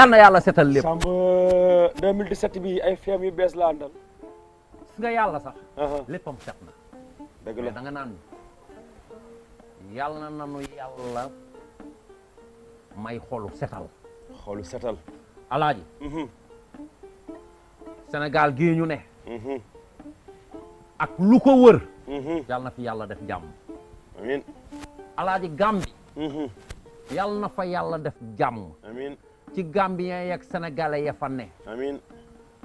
yal na yàlla setal lépp. Samb 2017 bi ay feem yu bees la àndal. su nga yàlla sax. léppam set na. dëgg la da nga naan na nu yàlla may xolu setal. xolu setal. alaaji. Mhm. Sénégal gii ñu ne. Mhm. ak lu wër. Mhm. yàlla na fi yàlla def jàmm. amiin alaaji Gàmbi. na fa yàlla def jàmm. amiin ci Gambien yeeg Sénégalais ya fa ne.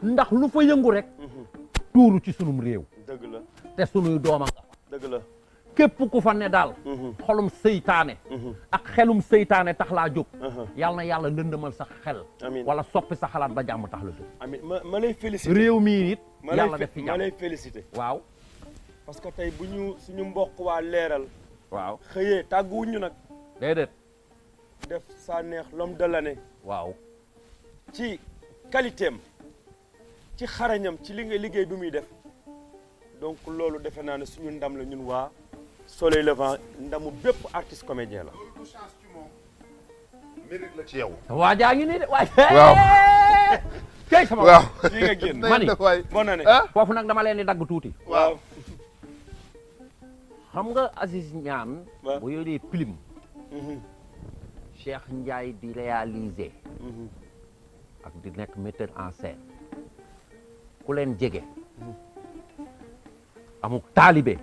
ndax lu fa yëngu rek. tuuru mhm. ci sunum réew. dëgg la te sunuy dooma dëgg la képp ku fa ne daal. Mhm. xolum seytaane. Mhm. ak xelum seytaane tax laa jóg. yal na yàlla ndëndëmal sa xel. wala soppi sa xalaat ba jàmm tax la jóg. amiin ma lay félicité réew mii it. yàlla def ci jàmm ma lay waaw. parce que tey bu ñu suñu mbokk waa leeral. waaw xëyee tàgguwuñu nag. déedéet. def sa neex l'homme de l'année waaw ci qualité ci xarañam ci li nga liggéey bi muy def donc loolu defe naa ne suñu ndam la ñun waa Soleil Levant ndamu bépp artiste comédien la. mérite la ci yow. waa jaa ngi nii de waay. waaw kay sama. waaw lii nga génn mani bon ah. foofu nag dama leen di dagg tuuti. waaw. nga Aziz Niane. bu yoree pilim. Mhm. Cheikh Ndiaye di réaliser ak di nekk metteur en scène ku leen jege amuk taalibe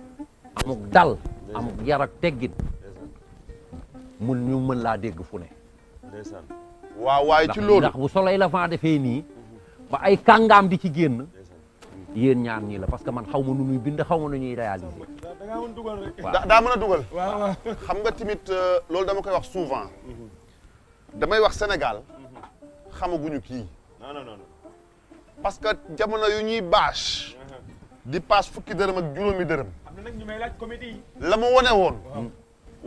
amuk dal amuk yar teggin mun ñu mën laa dégg fu ne waaw ci loolu ndax bu soleil levant defee nii ba ay kàngaam di ci génn yéen ñaar ñii la parce que man xaw ma nu ñuy bind xaw ma nu ñuy réaliser. daa mën a dugal. xam nga tamit euh, loolu dama koy wax souvent. damay wax Sénégal. xamaguñu kii. non non parce que jamono yu ñuy bâche. di paas fukki dërëm ak juróomi dërëm. am na nag ñu may laaj comédie la mu wane woon. Hmm.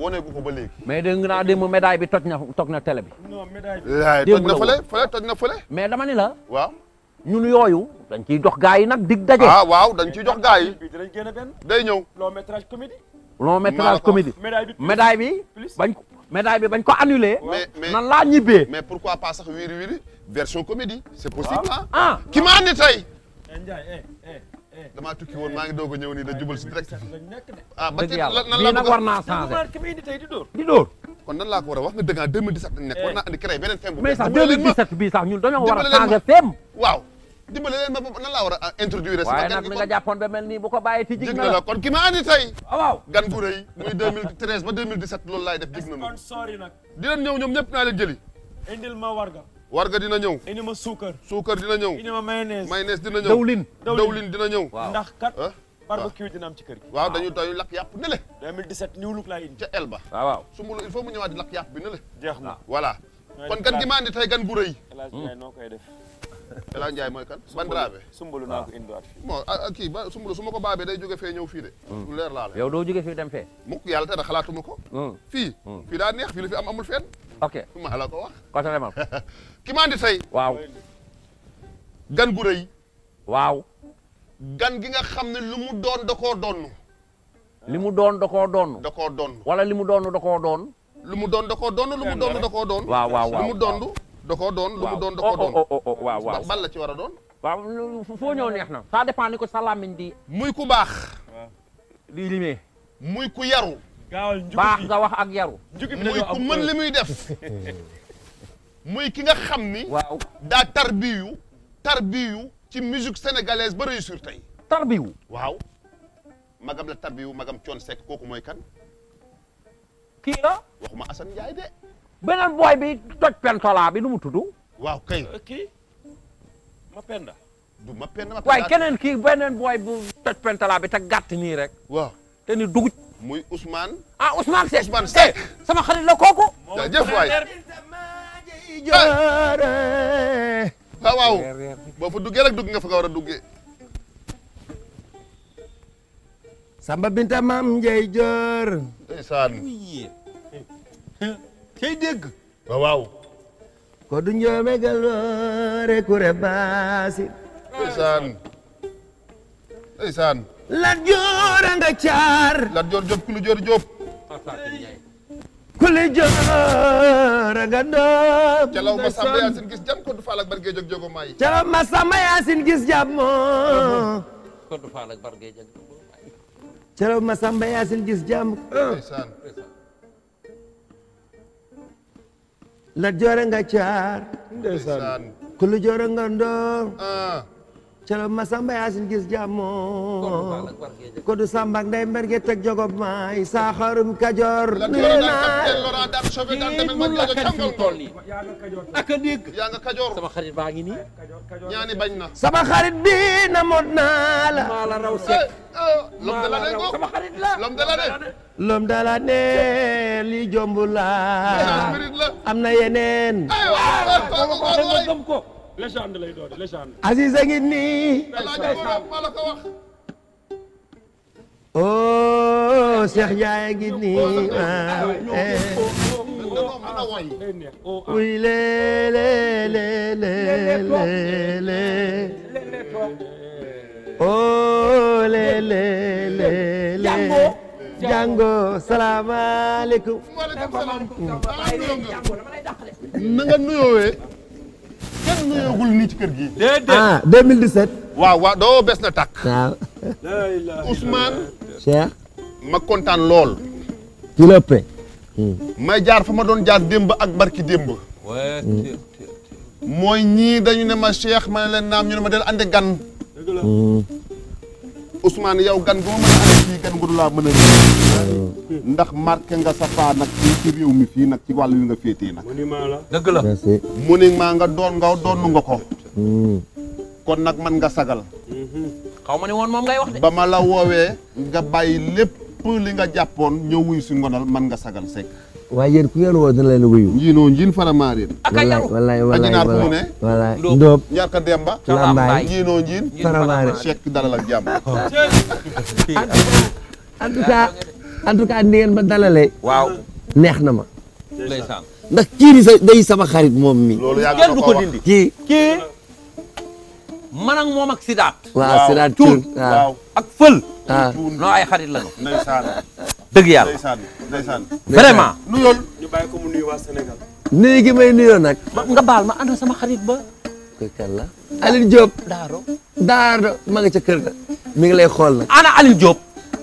wone gu ko ba léegi. mais dégg naa démb médaille bi toj na toj na télé bi. non toj na fële mais dama ni la. ñun yooyu dañ ciy jox gars yi nag dig ah, waaw dañ ciy jox gars yi. day ñëw. long métrage comédie. long métrage comédie. médaille bi bañ ko médaille bi bañ ko annulé. nan laa ñibbee. mais pourquoi pas sax wiri wiri version comédie. c'est possible ah. Ah. ki ma andi tey. Eh, eh, eh, tukki woon maa ngi a ñëw nii da jubal si direct. ah ba tey lan lan lii nag war naa changé. di dóor. kon nan laa ko war a wax nga nekk war naa andi créé a changé thème dimbale leen ma bopp nan laa ah, introduire. waaye nag mi nga jàppoon ba mel nii bu ko bàyyee ci jig la kon ki ma andi tey. Ah, waaw gan bu rëy ba 2017 loolu laay def jig na ma. sponsor yi nag. dinañ ñëw ñoom naa leen jëli. suukar. dina ñëw. indi ma dawlin dina ñëw. ndax ah. waaw dañu dañu lakk yàpp ne le. 2017 New Look laay indi. ca Elba. waaw waaw Sumbulu il faut mu ñëwaat di lakk bi ne le. na voilà kon gan gi ma gan bu rëy. noo koy def Bela Ndiaye mooy kan. ban draabe sumbulu naa ko ah. indiwaat fii. Ah, ah, kii ba sumbulu su ma ko baabee day jóge fee ñëw fii de. Mm. leer laa la yow doo jóge fii dem fee. mukk yàlla tere xalaatuma ko. Mm. fii. Mm. fii daa neex fii la fi am amul fenn. ok maa la ko wax. côté demal. ki maa tey. waaw. gan gu rëy. waaw. gan gi nga xam ne lu mu doon da koo doon. li mu doon da koo doon. da koo doon wala li mu doon da koo doon. lu mu doon da koo doon lu mu doon da koo doon. waaw waaw waaw da koo doon lu doon da oh, oh, doon oh, waaw waaw la ci war a doon waaw foo ñëw neex na ça dépend ni ko sa làmmiñ di muy ku baax di limee muy ku yaru baax nga wax ak yaru muy ku man li muy def muy ki nga xam ni waaw daa tarbiyu tarbiyu ci musique sénégalaise ba réussir tey tarbiyu waaw magam la tarbiyu magam coon sekk kooku mooy kan kii waxuma Assane Ndiaye de beneen booy bi toj pentola nu mu tudd. waaw kay. Euh, kii ma penda. du ma keneen kii beneen booy bu toj pentola bi te gàtt nii rek. waaw te ni muy Ousmane. ah Ousmane Seck eh, sama xarit la kooku. jaajëf waay. Eh. waaw boo fa duggee rek dugg nga fa nga war a duggee. Samba Binta Mam Ndiaye tey dégg waaw waaw ko du ñoome galoore kure baasi Lat Joor a nga caar Lat Joor Jóob kulu Joor Jóob kuli joor nga doom calaw ma samba yaasin gis jam koddu faal ak bargee jog jogo may calaw ma samba yaasin gis jam moo la joore nga caar ndeysaan ku lu nga ndoom ah. colo ma samba yaasin gis jàmmoo kodu samba ak nday mberge teg jogob maay saaxarum kajoor nuyu naa kii mun la kañ fi toll nii ak a dégg yaa nga kajoor sama xarit baa ngi nii ñaani bañ na sama xarit bi na mot naa la maa la raw sekk eh, eh, maa la raw sama xarit la lom de la de lom de la de lii jomb la am na yeneen eh, ko légende lay doon légende. Aziz a ngi nii. oh Cheikh Ndiaye a ngi nii ah. oui eh. le le le le le. oh le le le le. Django salaamaaleykum. na nga kenn nuyoogul nii ci kër gi. déedéet ah 2017. waaw waaw doo bes na tàkk. waaw. Ousmane. ma kontaan lool. ci la paix. may jaar fa ma doon jaar démb ak barki démb. Hmm. mooy ñii dañu ne ma Cheikh ma ne leen naam ñu ne ma del andi gan. Ousmane yow gan boo mën a amee fii gan nga du laa mën a ndax marqué nga sa faa nag ci réew mi fii nag ci wàll wi nga féetee nag. dëgg la mu ni maa nga doon nga doon nga ko. Hmm. kon nag man nga sagal. xaw ma ne woon moom ba ma la woowee nga bàyyi lépp li nga jàppoon ñëw wuy si ngonal man nga sagal sekk. waaye yéen ku ngeen woo dina leen wuyu. njiinoo njiin faramaareen. walaay walaay walaay demba. lambaay njiinoo njiin. faramaareen Cheikh dalal ak jàmm. en tout cas en tout neex na ma. ndax kii di sa xarit moom mi. kii kii. moom ak sidaat. waaw sidaat tuur ak fël. waaw ah. ay xarit la ñu. dëgg yàlla. vraiment. nuyool ñu bàyyi may nuyoo nag. nga baal ma ànd sama xarit ba. koy kan la Aline Daaro Daaro ma nga ca kër ga. mi ngi lay xool nag. ana Aline Diop.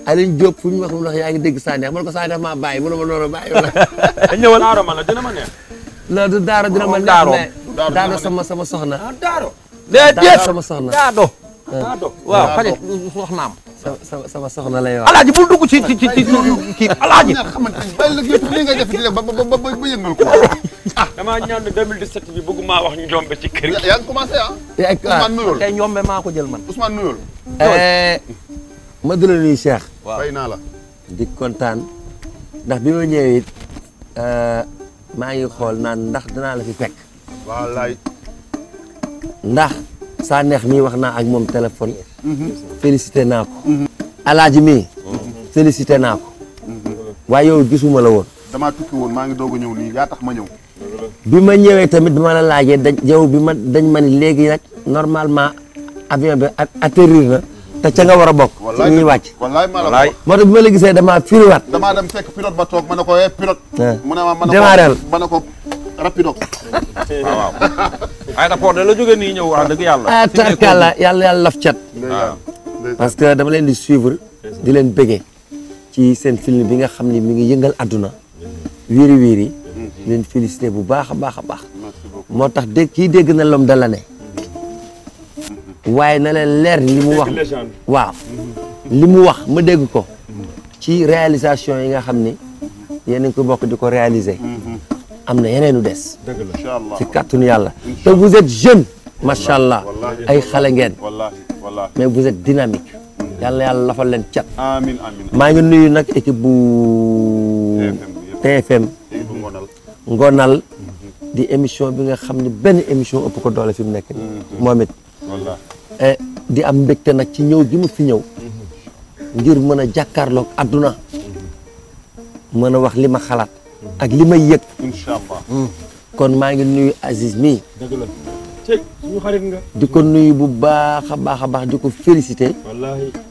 Aline Diop fu ñu wax mu wax yaa ngi dégg Sanex man ko Sanex maa bàyyi mënu ma noonu bàyyi wala. ñëwal Daaro ma la dina ma neex. non du Daaro dina ma neex. Daaro Daaro sama sama soxna. Ah, Daaro. déedéet Daaro sama soxna waaw xale soxnaam. sama sama soxna lay wax. alaaji bul dugg ci ci ci kii alaaji. bàyyi la yëpp li nga def di la ba ba ba ba yëngal ko. ah wax ñu ñombe ci kër gi. yaa ngi commencé ah. ah Ousmane maa ko jël man. Ousmane nuyool. Eh, ma dula nuyu Cheikh. waaw fay naa la. di kontaan ndax bi ma ñëwee eh, maa ngi xool naan ndax danaa la fi fekk. wallaay. ndax. saa neex mii wax naa ak moom téléphone. Mhm. félicité naa ko. alaaji mii. félicité naa ko. waaye yow gisuma la woon. damaa tukki woon maa ngi doog a ñëw nii yaa tax ma ñëw. bi ma ñëwee tamit bi ma la laajee dañ yow bi ma dañ ma ni léegi nag normalement avion bi atterrir na. te ca nga war a bokk. wallaay ñuy wàcc. tax bi ma la gisee damaa firiwaat. damaa dem fekk pilote ba toog ma ne ko eh pilote. Ah. mu ne rapido ah, waaw aéroport da la jógee nii ñëw wax dëgg yàlla. Ah, yàlla yàlla laf cat. Ah. parce que dama leen di suivre. di leen bëggee ci seen film bi nga xam ni mi ngi yëngal àdduna. wiiri wiiri. di mhm. leen félicité bu baax a baax a baax. moo tax dégg kii dégg na lom da ne. waaye na leen leer li mu wax waaw mhm. li mu wax ma dégg ko mhm. ci réalisation yi nga xam ni yéen a ko bokk di ko réaliser am na yeneen lu des. ci kàttanu yàlla. te vous jeune. macha allah ay xale ngeen. mais vous êtes dynamique. yàlla yàlla lafal leen cat. maa ngi nuyu nag équipe bu. TFM ngonal mhm. di émission bi nga xam ne benn émission ëpp ko doole fi mu nekk nii. Mhm. Eh, di am mbégte nag ci ñëw gi mu fi ñëw. Mhm. ngir mën a jàkkaarloog adduna. mën a wax li ma xalaat. ak li may yëg. incha allah hmm. kon maa ngi nuyu Aziz mii. di ko nuyu bu baax a baax a baax di ko félicité.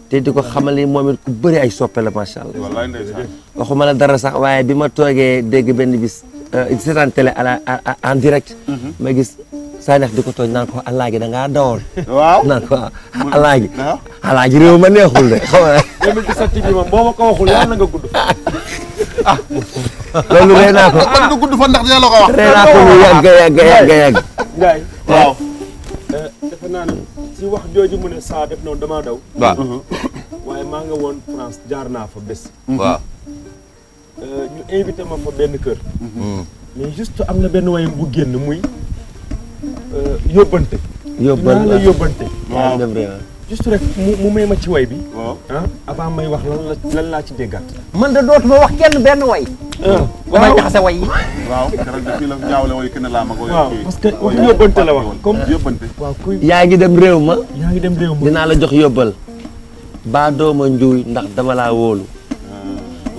te di ko xamal ni moom it ku bëri ay soppe la allah. waxuma la dara sax waaye bi ma toogee dégg benn bis. Euh, seetaan télé en direct. Mhm. ma gis Sanex di ko tooñ naan ko alaaji da ngaa dawal. naan ko alaaji. waaw alaaji réew ma ma. 2017 bi moom ah. loolu rey naa ko nga gudd fa ndax dina la eh, defe naa ne ci wax jooju mu ne saa def noonu damaa daw. Mhm. maa nga woon France jaar naa fa bés. Mhm. waaw. Eh, ñu invité ma fa benn kër. Mhm. mais juste am na benn wayam bu génn muy eh, yóbbante. yóbbante yóbbante. waaw juste rek mu may ma ci way bi. waaw ah, may wax lan la lan laa ci déggaat. man de dootuma wax kenn benn way. damay jaxase way laa parce que yóbbante la yaa ngi dem réew ma. yaa ngi dinaa la jox yóbbal. baa dooma njuuy ndax dama laa wóolu. Ah.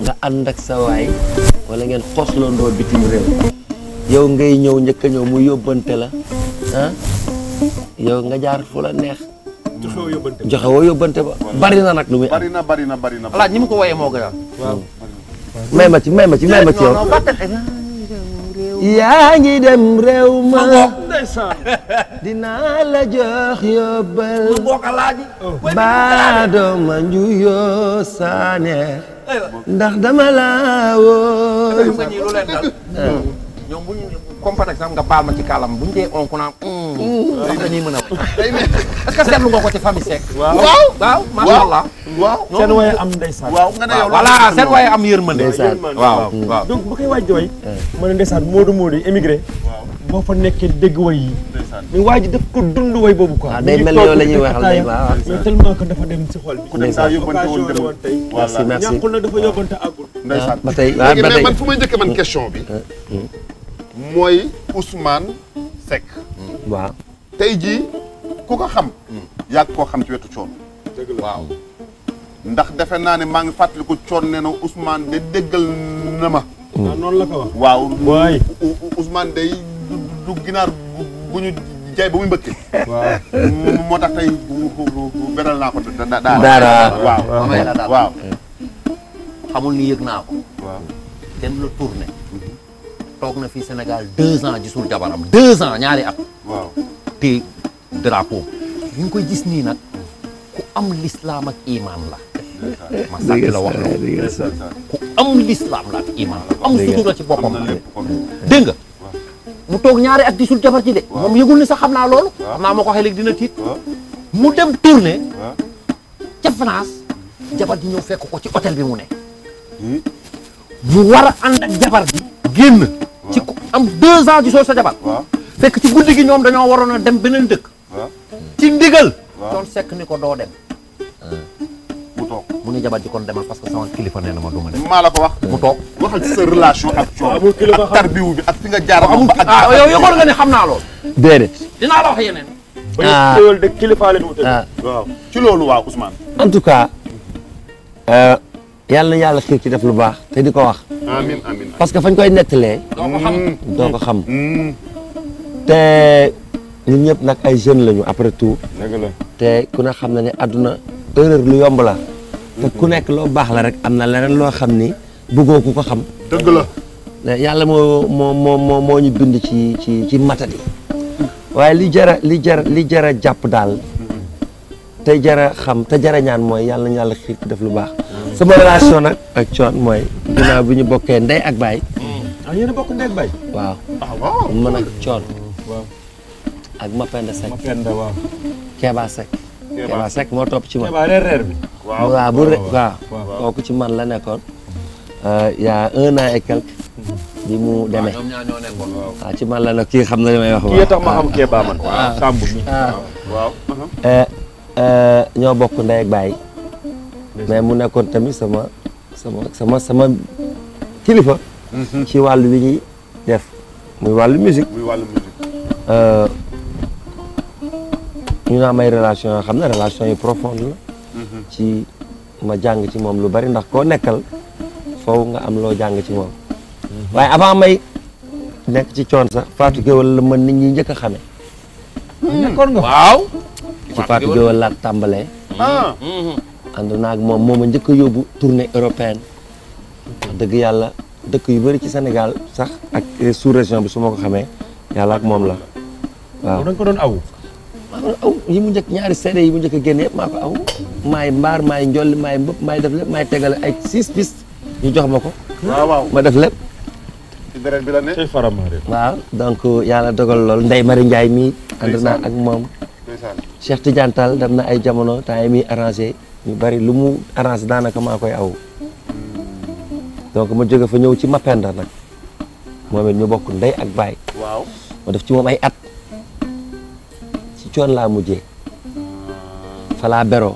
nga ànd ak sa waay. wala ngeen xoslandoo bitim réew. yow ngay ñëw njëkk ñëw mu yóbbante la ah yow nga jaar fu la neex. joxe woo yóbbante ba. bari na nag lu muy. na bari na bari na. alaaj ñi mu ko woyee moo gën a. may ma ci may ma ci ma ci yow. yaa ngi dem réew la jox yóbbal. baadoo ma njuyoo saane. ndax dama laa comme par exemple nga baal ma ci kàllaam bu ñu dee onk naan. ndax dañuy mën a way. est-ce que seetlu nga ko ci famille Seck. waaw waaw macha allah. waaw seen waye am ndeysaan. waaw nga ne yow voilà seen am yërmande. ndeysaan waaw waaw. donc bu koy waaj jooy. Eh. ma ne ndeysaan Modou Modou émigré. boo fa nekkee dégg way yi. mais waa ji daf ko dund way boobu quoi. Ah, day mel yow la ñuy waxal day ah. mais tellement que dafa dem ku dem saa yóbbante woon demoon tey. merci merci ñàkkul na dafa ah, ba tey waaw man fu may njëkk man question bi. Eh, eh. mooy usmaan Seck. tey jii ku ko xam. yàgg koo xam ci wetu coon. dëgg ndax defe naa ne maa ngi fàttaliku coon ne na Ousmane de déggal na ma. Ah, waaw waay Ousmane du ginaar bu ñu jaay ba muy mbëkke. moo tax tey beral naa ko da xamul ni yëg naa ko. waaw dem la tourné. Mm-hmm. toog na fii Sénégal deux ans gisul jabaram deux ans ñaari at. waaw drapeau bi koy gis nii nag ku am lislaam ak imaan la. ma sàkk la wax ku am lislaam la ak imaan la am sutura ci boppam dégg nga mu toog ñaari at gisul jabar ci de moom yëgul ni sax xam naa loolu xam naa moo ko waxee léegi dina tiit mu dem tourné ca France jabar ji ñëw fekk ko ci hôtel bi mu ne mu war a ak jabar bi génn am deux ans gisoo sa jabar fekk ci guddi gi ñoom dañoo waroon a dem beneen dëkk ci ndigal coon sekk ni ko doo dem mu mu ni jabar ji kon demal parce que sama kilifa nee na ma du ma dem maa ko wax mu toog waxal ci sa relation ak tarbiwu bi ak fi nga jaar amul ah yow nga ne xam naa loolu ah. ah. loolu waaw yàlla na yàlla xiir ci def lu baax te di ko wax. parce que fañ koy nettalee. doo xam mm, doo ko xam. Mm. Mm. te ñun ñëpp nag ay jeunes lañu après tout. te ku ne xam na ne àdduna erreur lu yomb la. te ku nekk loo baax la rek am na leneen loo xam ni bëggoo ku ko xam. dëgg la. yàlla moo moo ñu bind ci ci ci matadi. waaye li jara li jara li jara jàpp daal. te jara xam te jara ñaan mooy yàlla na yàlla xiir ci def lu baax. sama relation nag coon mooy ginnaaw bi ñu bokkee ndey ak baay. Mm. ah yéen a bokk ndey waaw ah, waaw man ak coon. ak Mapenda Seck. Mapenda waaw. Kéba moo topp ci man. waaw bu re waaw. kooku ci man la nekkoon. Euh, y a un an mm-hmm. mu demee waaw ah, ci man la nag kii xam na li may wax. kii xam Kéba man. Ah. waaw Samb euh, euh, ñoo bokk ndey ak baay. mais mu nekkoon tamit sama sama sama sama kilifa. Mhm. ci wàllu wi ñuy def muy wàllu musique. muy wàllu musique. Euh, ñu naa may relation yoo xam ne relation yu profonde la. Mhm. ci ma jàng ci moom lu bari ndax koo nekkal foofu nga am loo jàng ci moom. Mhm. waaye avant may nekk ci coon sax faatu Guewel la mën nit ñi njëkk a xamee. nekkoon nga ànd naag moom moom a njëkk a yóbbu tournée européenne dëgg yàlla dëkk yu bari ci Sénégal sax ak sous région bi su ma ko xamee yàlla ak moom la waaw. da ko doon aw. mu njëkk ñaari CD yi mu njëkk a génne yëpp mbaar maay njolli maay mbëpp maay tegale ay six ñu jox ma ko. ma def lépp. bi la ne. donc yàlla dogal lool Ndeye Marie Ndiaye mii. ànd naa ak moom. Cheikh Tidiane dem na ay jamono temps yi muy ñu bari lu mu arrange daanaka maa koy aw donc ma jóge fa ñëw ci Mapenda nag moom it ñu bokk ndey ak baay. waaw ma def ci moom ay at ci coon laa mujjee falaa laa beroo.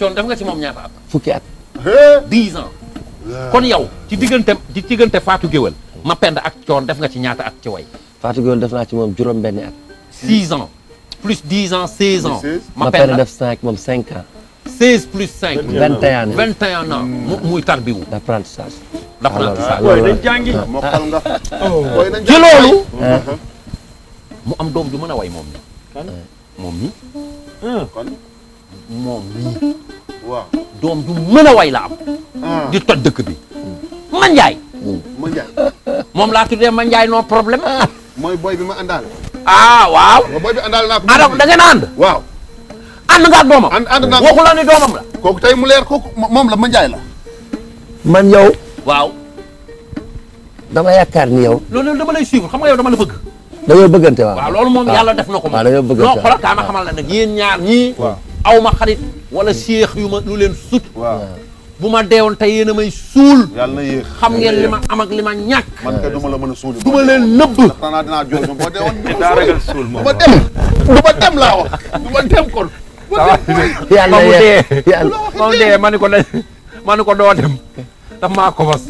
coon def nga ci moom ñaata at. fukki at. dix ans. kon yow ci diggante ci diggante Fatou Guewel. Mapenda ak coon def nga ci ñaata at ci way. Fatou Guewel def naa ci moom juróom-benni at. six ans plus dix ans ma ans. def naa ci moom cinq ans. seize plus cinq. vingt et un vingt et un ans hmm. muy tarbiwu. d'apprentissage. d'apprentissage loolu eh. doom ju mën a way moom mi. Eh. doom ju mën a way laam ah. di toj dëkk bi. man hmm. moom laa tuddee man Ndiaye non problème. mooy boy bi ah, waaw. mooy boy bi ànd nga ak doomam. ànd ànd naa waxu la ni doomam la. kooku tey mu leer kooku moom la ma njaay man yow. waaw. dama yaakaar ni yow. loolu dama lay suivre xam nga yow dama la bëgg. dañoo bëggante waaw loolu moom ah. yàlla def na ko moom. waaw ah, dañoo bëggante non xoolal kaa ma xamal la nag yéen ñaar ñii. aw ma xarit wala séex yu ma lu leen sut. waaw bu ma deewoon tey yéen a may suul. yàlla na xam ngeen li ma am ak li ma ñàkk. du ma la mën a suul. ma leen nëbb. xanaa dinaa jooy moom boo deewoon du ma suul. daa ragal suul moom du dem. du wax du dem kon. yàlla yàlla dee ma ni ko dañ ko doo dem daf maa ko bas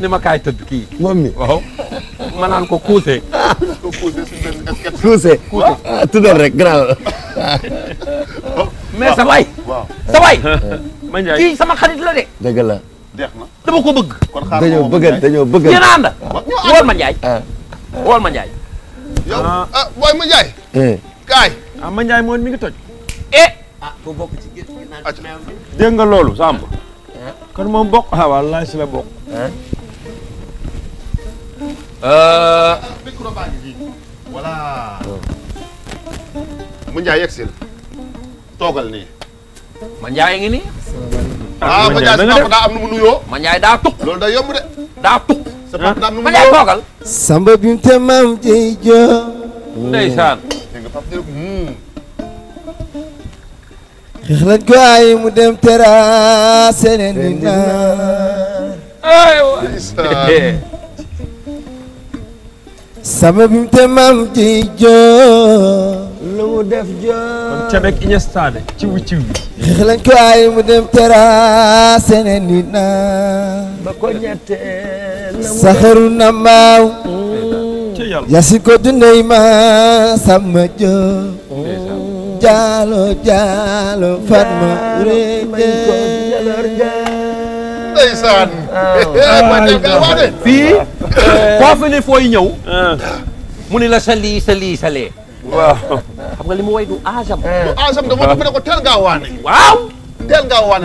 ni ma kaay tëdd kii moom mi ma naan ko kuuse kuuse ah, tuddal rek grand mais sa waay sa waay kii sama xarit la de dëgg dama ko bëgg dañoo bëgg dañoo bëgg yéen a ànd wool ma Njaay ah. wool ma Njaay yow ah booy ma Njaay eh. kaay ah ma Njaay mi ngi toj eh. ah bokk ci gis dégg nga loolu Samb. Eh? kon moom bok ah wallaahi si la bokk. Eh? Euh. voilà. mu Ndiaye yegg si ma Ndiaye ngi nii. ah, ah ma Ndiaye si daa am nu mu nuyoo. ma Ndiaye daa tukk. loolu day yomb de. daa tukk. sa papa daa am nu ma Ndiaye toogal. Samba bim te maam jëy joo. ndeysaan. dégg xeex leen ay mu dem terrasse leen di naan sama bim te maam lu mu def joo kon Québec Iniestade ciw ciw bi xeex leen ko ay mu dem terrasse leen di na maaw yasi ko dundey ma sama joo jaalo jaalo fii foofu ne fooy ñëw ah. mu ni la sa lii sa waaw xam nga li mu way du aasam eh. du aasam dama ne ko teel ngaa waane waaw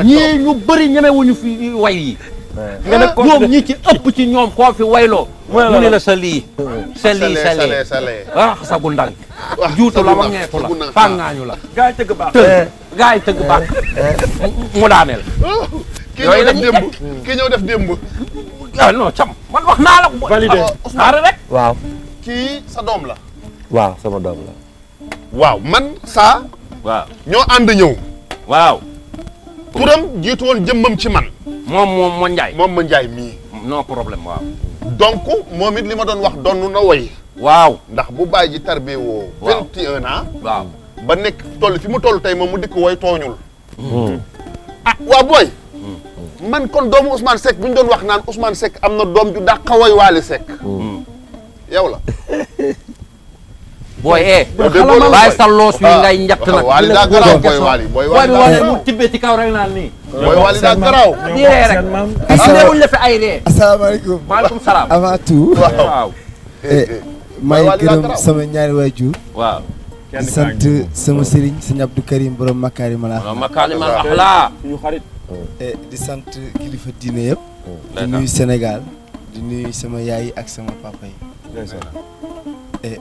ñii ñu bëri ñemewuñu fi way yi nga nag ah, ñoom ñi ci ëpp ci ñoom koo fi wayloo mu ne la sa lii sa lii sa lee juutu la ma ngeetu la fàngaañu la gaay tëgg baax tëgg eh. eh. mu daaneel kii ñëw def démb ah, man wax naa la ko validé ah, xaaral rek waaw kii sa doom la waaw man saa ñoo ànd ñëw waaw turam jiitu woon jëmmam ci man. moom moom ma Ndiaye. moom ma Ndiaye mii. noo problème waaw. donc moom it li ma doon wax donnu na woy waaw ndax bu baay ji tarbe woo. waaw ba nekk toll fi mu toll tey moom mu dikk woy tooñul. Hmm. ah waa booy. man kon doomu Ousmane Seck bu ñu doon wax naan Ousmane Seck am na doom ju dàqa woy Waly Seck. Hmm. yow la. Eh, booy eh. bàyyi sa loos wi ngay njabt nag. waaw daa garaaw booy waali booy waali booy bi mu tibbee ci kaw rek naan nii. booy waali daa garaaw. di ree rek indiwuñu la fi ay ree. asalaamaaleykum maaleykum salaam. avant tout. waaw eh, may gërëm sama ñaari waajur. waaw. di sant sama sëriñ sëñ Abdou Karim borom Makaarimal Axlaa. Makaarimal Axlaa suñu xarit. Eh, di sant kilifa diine yëpp. Oh. di nuyu Sénégal di nuyu sama yaay ak sama papa yi.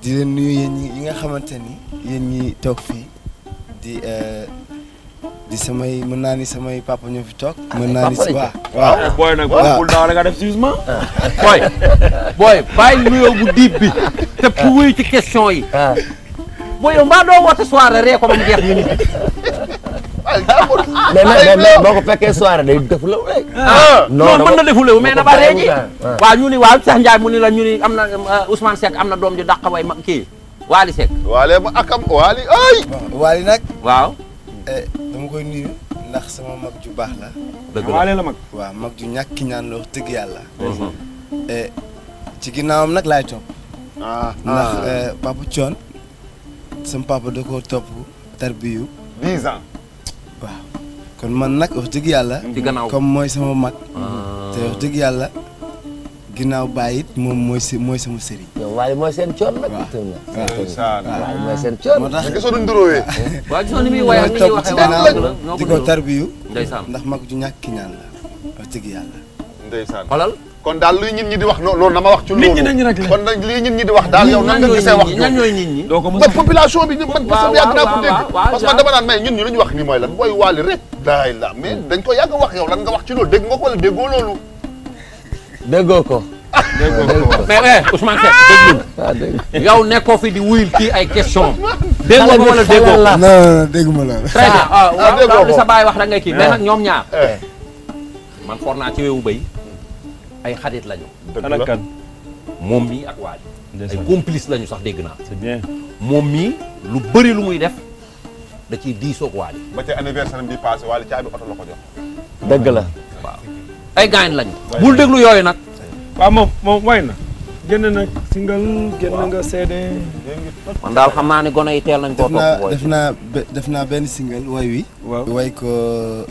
di leen nuyu yéen ñi nga xamante ni yéen ñi toog fii di euh, di samay mën naa ni samay papa fi toog. Ah, mën naa ni si waaw waaw. Eh, booy nag bul daaw la nga def jugement. Ah. booy booy bu diib bi. te pour wuyu ci question yi. Ah. booy yow mbaa doo woote soirée rek ko ba mu jeex ñu mais mais mais boo ko fekkee soirée def la wala. Eh. Ah. Ah. non mën na deful mais na ba reeji waaw ñu ni waaw mu ni la ñu am na eh, Ousmane Seck am na doom ju dàq way mag kii Waly Seck. Waly ma akam Waly ay. Waly nag. waaw. Eh, dama koy nuyu ndax sama mag ju baax la. dëgg la Waly la mag. waaw ju ñàkki ñaan loo dëgg yàlla. Mhm. ci ginnaawam nag lay topp. Ah, ndax papa Thion sama papa da koo tarbiyu. waa kon man nag wax dëgg yàlla. ci gannaaw comme mooy sama mag. Ah. te wax dëgg yàlla ginnaaw bàyyi it moom mooy mooy sama sëriñ. waaye mooy seen mooy seen coon. moo tax nga soog a nduróoyee. waaw ci noonu muy waaye ak li ñuy tarbiyu. ndax mag ju ñàkk ki ñaan la wax dëgg yàlla. kon daal luy nit ñi di wax loolu na ma wax. ci loolu nit ñi nañu rek kon nag lii nit ñi di wax daal yow nan ñooy nit ñi doo ko mos a. population bi man man dama naan mais ñun ñu lu ñu wax ni mooy lan mooy waali rek. daay la mais dañ ko yàgg wax yow lan nga wax ci loolu dégg nga ko wala déggoo loolu. déggoo ko. déggoo ko mais eh, Ousmane Seck dégg nga. Ah, dégg yow nekkoo fi di wuyul kii ay question dégg nga wala déggoo dégg ma la. très ah, ah, sa baay wax da ngay kii eh. mais nag ñoom ñaar eh. man for naa ci wewu bay ay xarit lañu. dëgg la moom mii ak waaj ay complice lañu sax dégg naa. c'est bien moom mii lu bari lu muy def da ciy diisoog waaj. ba ca anniversaire bi passé ko jox. dëgg la ay gaañ lañu. bul déglu yooyu nag. waa moom moom way na. génn na single génn nga CD. man daal xam naa ne gone yi teel nañ koo topp. def naa def naa benn single way wi. waaw way ko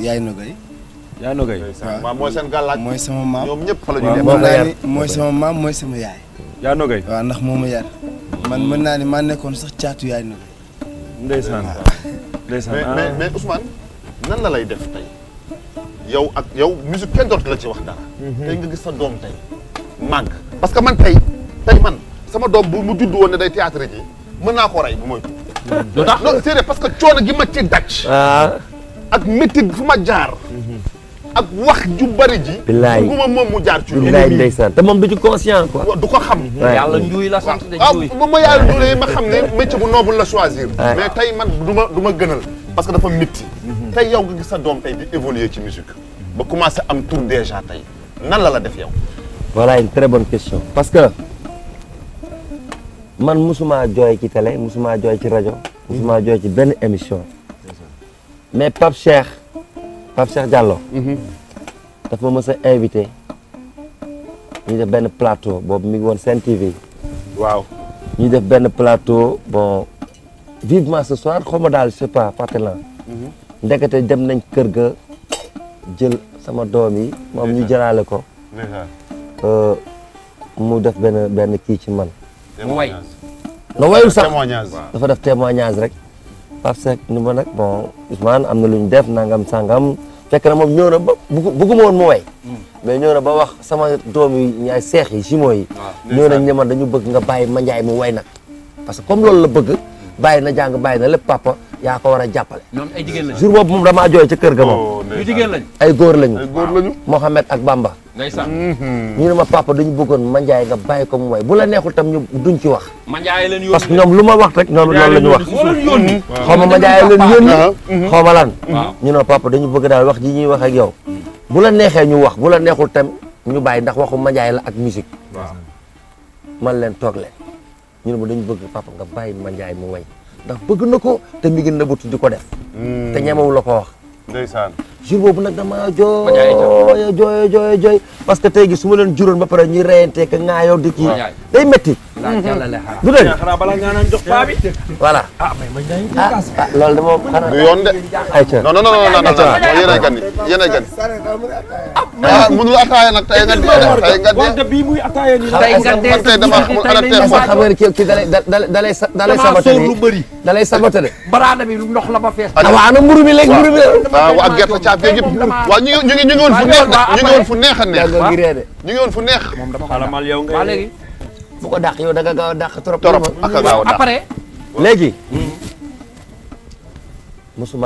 yaay na yaa ngi nogay waaw mooy seen gàllaaj mooy sama maam mooy sama maam mooy sama yaay. yaa nogay waaw ndax moom ma yar man mën naa ni maa nekkoon sax caatu yaay nogay. ndeysaan mais mais Ousmane nan la lay def tey yow ak yow musique kenn dootu la ci wax dara. Mhm. tey nga gis sa doom tey màgg. parce que man tey tey man sama doom bu mu judd woon ne day théâtre ji mën naa ko rey bu moytu. lu tax non c'est parce que coono gi ma ci daj. Ah. ak métti fu ma jaar. Mhm. ak wax ju bari ji. billaay bëgguma moom mu jaar ci loolu. moom du ci conscient quoi. du ko xam. yàlla njuuy la sant de ah, njuuy. waaw ma yàlla njuulee ma xam ne métier bu noble la choisir. mais tey man du ma du ma parce que dafa métti. Mhm. tey yow nga gis sa doom tey di évoluer ci musique ba commencé am tour déjà tey nan la la def yow. wala une très bonne question. parce que man musuma jooy ci télé musuma jooy ci rajo. ma jooy ci benn émission. mais Pape Cheikh. Pape Cheikh Diallo. Mhm. daf ma invité ñu def benn plateau boobu mi ngi woon Sen TV. waaw ñu def benn plateau bon vivement ce soir xaw ma daal je sais pas fàtte naa. Mhm. ndekete dem nañ kër ga jël sama doom yi. moom ñu jëlaale ko. Euh, mu def benn benn kii ci man. mu way na wayul sax dafa def témoignage rek. Pape Seck ni ma nag bon Ousmane am na lu ñu def nangam sangam fekk na moom ñëw na ba bëgguma woon mu way hmm. mais ñëw na ba wax sama doom yi ñaay seex yi jumeaux yi ah, ñëw nañ man ma dañu bëgg nga bàyyi Mandiaye mu way nag parce que comme loolu la bëgg bàyyi na jàng bàyyi na lépp papa yaa ko war a jàppale. ñoom ay jigéen lañu jour boobu moom damaa jooy ca kër ga moom. Oh, ñu jigéen ay góor lañu. ay góor lañu ak Bamba. ndeysaan. Mm-hmm. ñu ne ma papa dañu bëggoon Mandiaye nga bàyyi ko mu bu la neexul tam ñu duñ ci wax. Mandiaye parce que ñoom lu ma wax rek ñoom loolu la ñu wax. Mm-hmm. xaw ma Mandiaye leen yónni. Mm-hmm. xaw ma lan. ñu ne ma dañu bëgg daal wax ji ñuy wax ak yow. bu la neexee ñu wax bu la neexul tam ñu bàyyi ndax waxu Mandiaye la ak musique man leen toog ñu ne ma dañu bëgg papa nga bàyyi ma Ndiaye mu way ndax bëgg na ko te mi na nëbbatu di ko def. Hmm. te ñemewu la ko wax. ndeysaan. jour boobu nag damaa jooy jooy jooy jooy parce que tey gi su ma leen juróon ba pare ñuy reyantee que ngaa yow di kii day métti du dëgg xanaa balaa nga naan jox paa bi voilà ah, ah, ah loolu de moom xanaa du yoon de ay ca non non non non non yéen ay gan yi yéen ay gan ah mënul ataaya nag tey nga dee a nga dee wante bii muy ataaya nii tey nga dee tey tey jii waaw ñu ngi ñu ngi woon fu neex ñu fu neex a neex. ñu ngi woon fu ko dàq yow nga léegi. bu da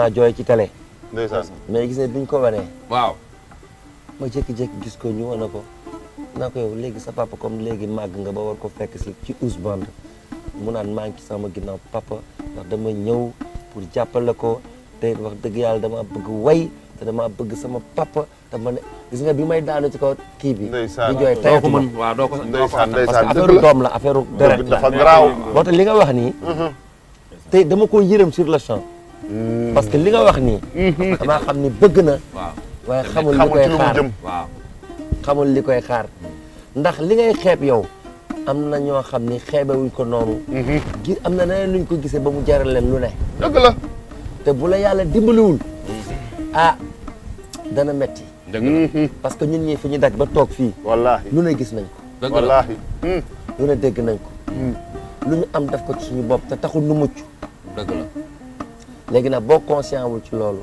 nga gaaw hmm. ci télé. ndeysaan mais gis ne ko wanee. waaw. ma jékki-jékki gis ko ñu wane ko. naa ko yow léegi sa papa comme léegi màgg nga ba war ko fekk si ci Ousband mu naan maa ngi ci sama ginnaaw papa ndax dama ñëw pour jàppale ko te dëgg yàlla dama bëgg way te damaa bëgg sama papa te ma ne gis nga bi may daanu ci kaw kii bi. ndeysaan doo ko mën waaw doom la affaire deret dafa garaaw moo tax li nga wax nii. Mm-hmm. tey dama koo yërëm sur le champ. Mm. parce que li nga wax nii. Mm-hmm. damaa xam ni bëgg na. waaye xamul li koy xaar xamul mm. li koy xaar ndax li ngay xeeb yow. am na ñoo xam ni xeebewuñ ko noonu. Mm-hmm. gi am na leneen luñ ko gisee ba mu jaral leen lu ne. dëgg la. te la yàlla dana metti mhm. parce que ñun ñii fi ñu daj ba toog fii. wallaahi lu ne gis nañ ko. wallaahi mhm. lu ne dégg nañ ko. Mhm. lu ñu am def ko ci suñu bopp te taxul nu mucc. dëgg la léegi nag boo conscient wul ci loolu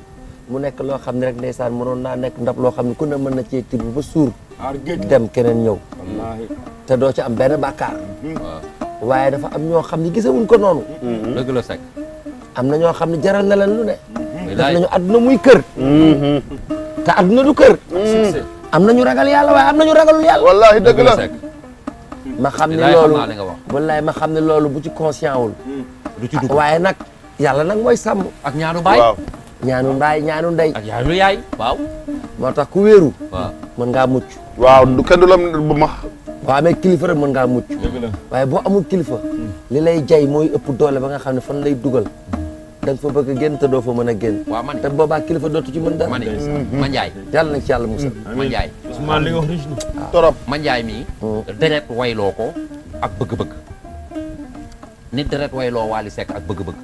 mu nekk loo xam ne rek ndeysaan mënoon naa nekk ndab loo xam ne ku ne mën na cee tibb ba suur. dem keneen ñëw. te doo ci am benn bàkkaar. waaye dafa am ñoo xam ne gisewuñ ko noonu. dëgg la sax. am na ñoo xam ne jaral na leen lu ne. def nañu àdduna muy kër. te adduna du kër. Hmm. am na ñu ragal yàlla waaye am na ñu ragal yàlla. wallaahi dëgg la ma xam ne loolu wallaahi ma xam ne loolu bu ci conscient wul. Hmm. du ci dugg waaye nag yàlla nag mooy sàmm. ak ñaanu baay ñaanu mbaay ñaanu ndey. ak ñaanu waaw. moo tax ku wéeru. waaw mën ngaa mucc. waaw du kenn du bu ma. waaw mais kilifa mën ngaa mucc. waaye boo amul kilifa. Hmm. li lay jay mooy ëpp doole ba nga xam ne fan lay dugal. da nga fa bëgg a génn te doo fa mën a génn waaw man te boobaa kilifa dootu ci mën dara ma mm. njaay mm. yàlla nag ci yàlla musa ma njaay Ousmane li nga wax ah. torop ma njaay mii mm. deret wayloo ko ak bëgg-bëgg nit deret wayloo Wally Seck ak bëgg-bëgg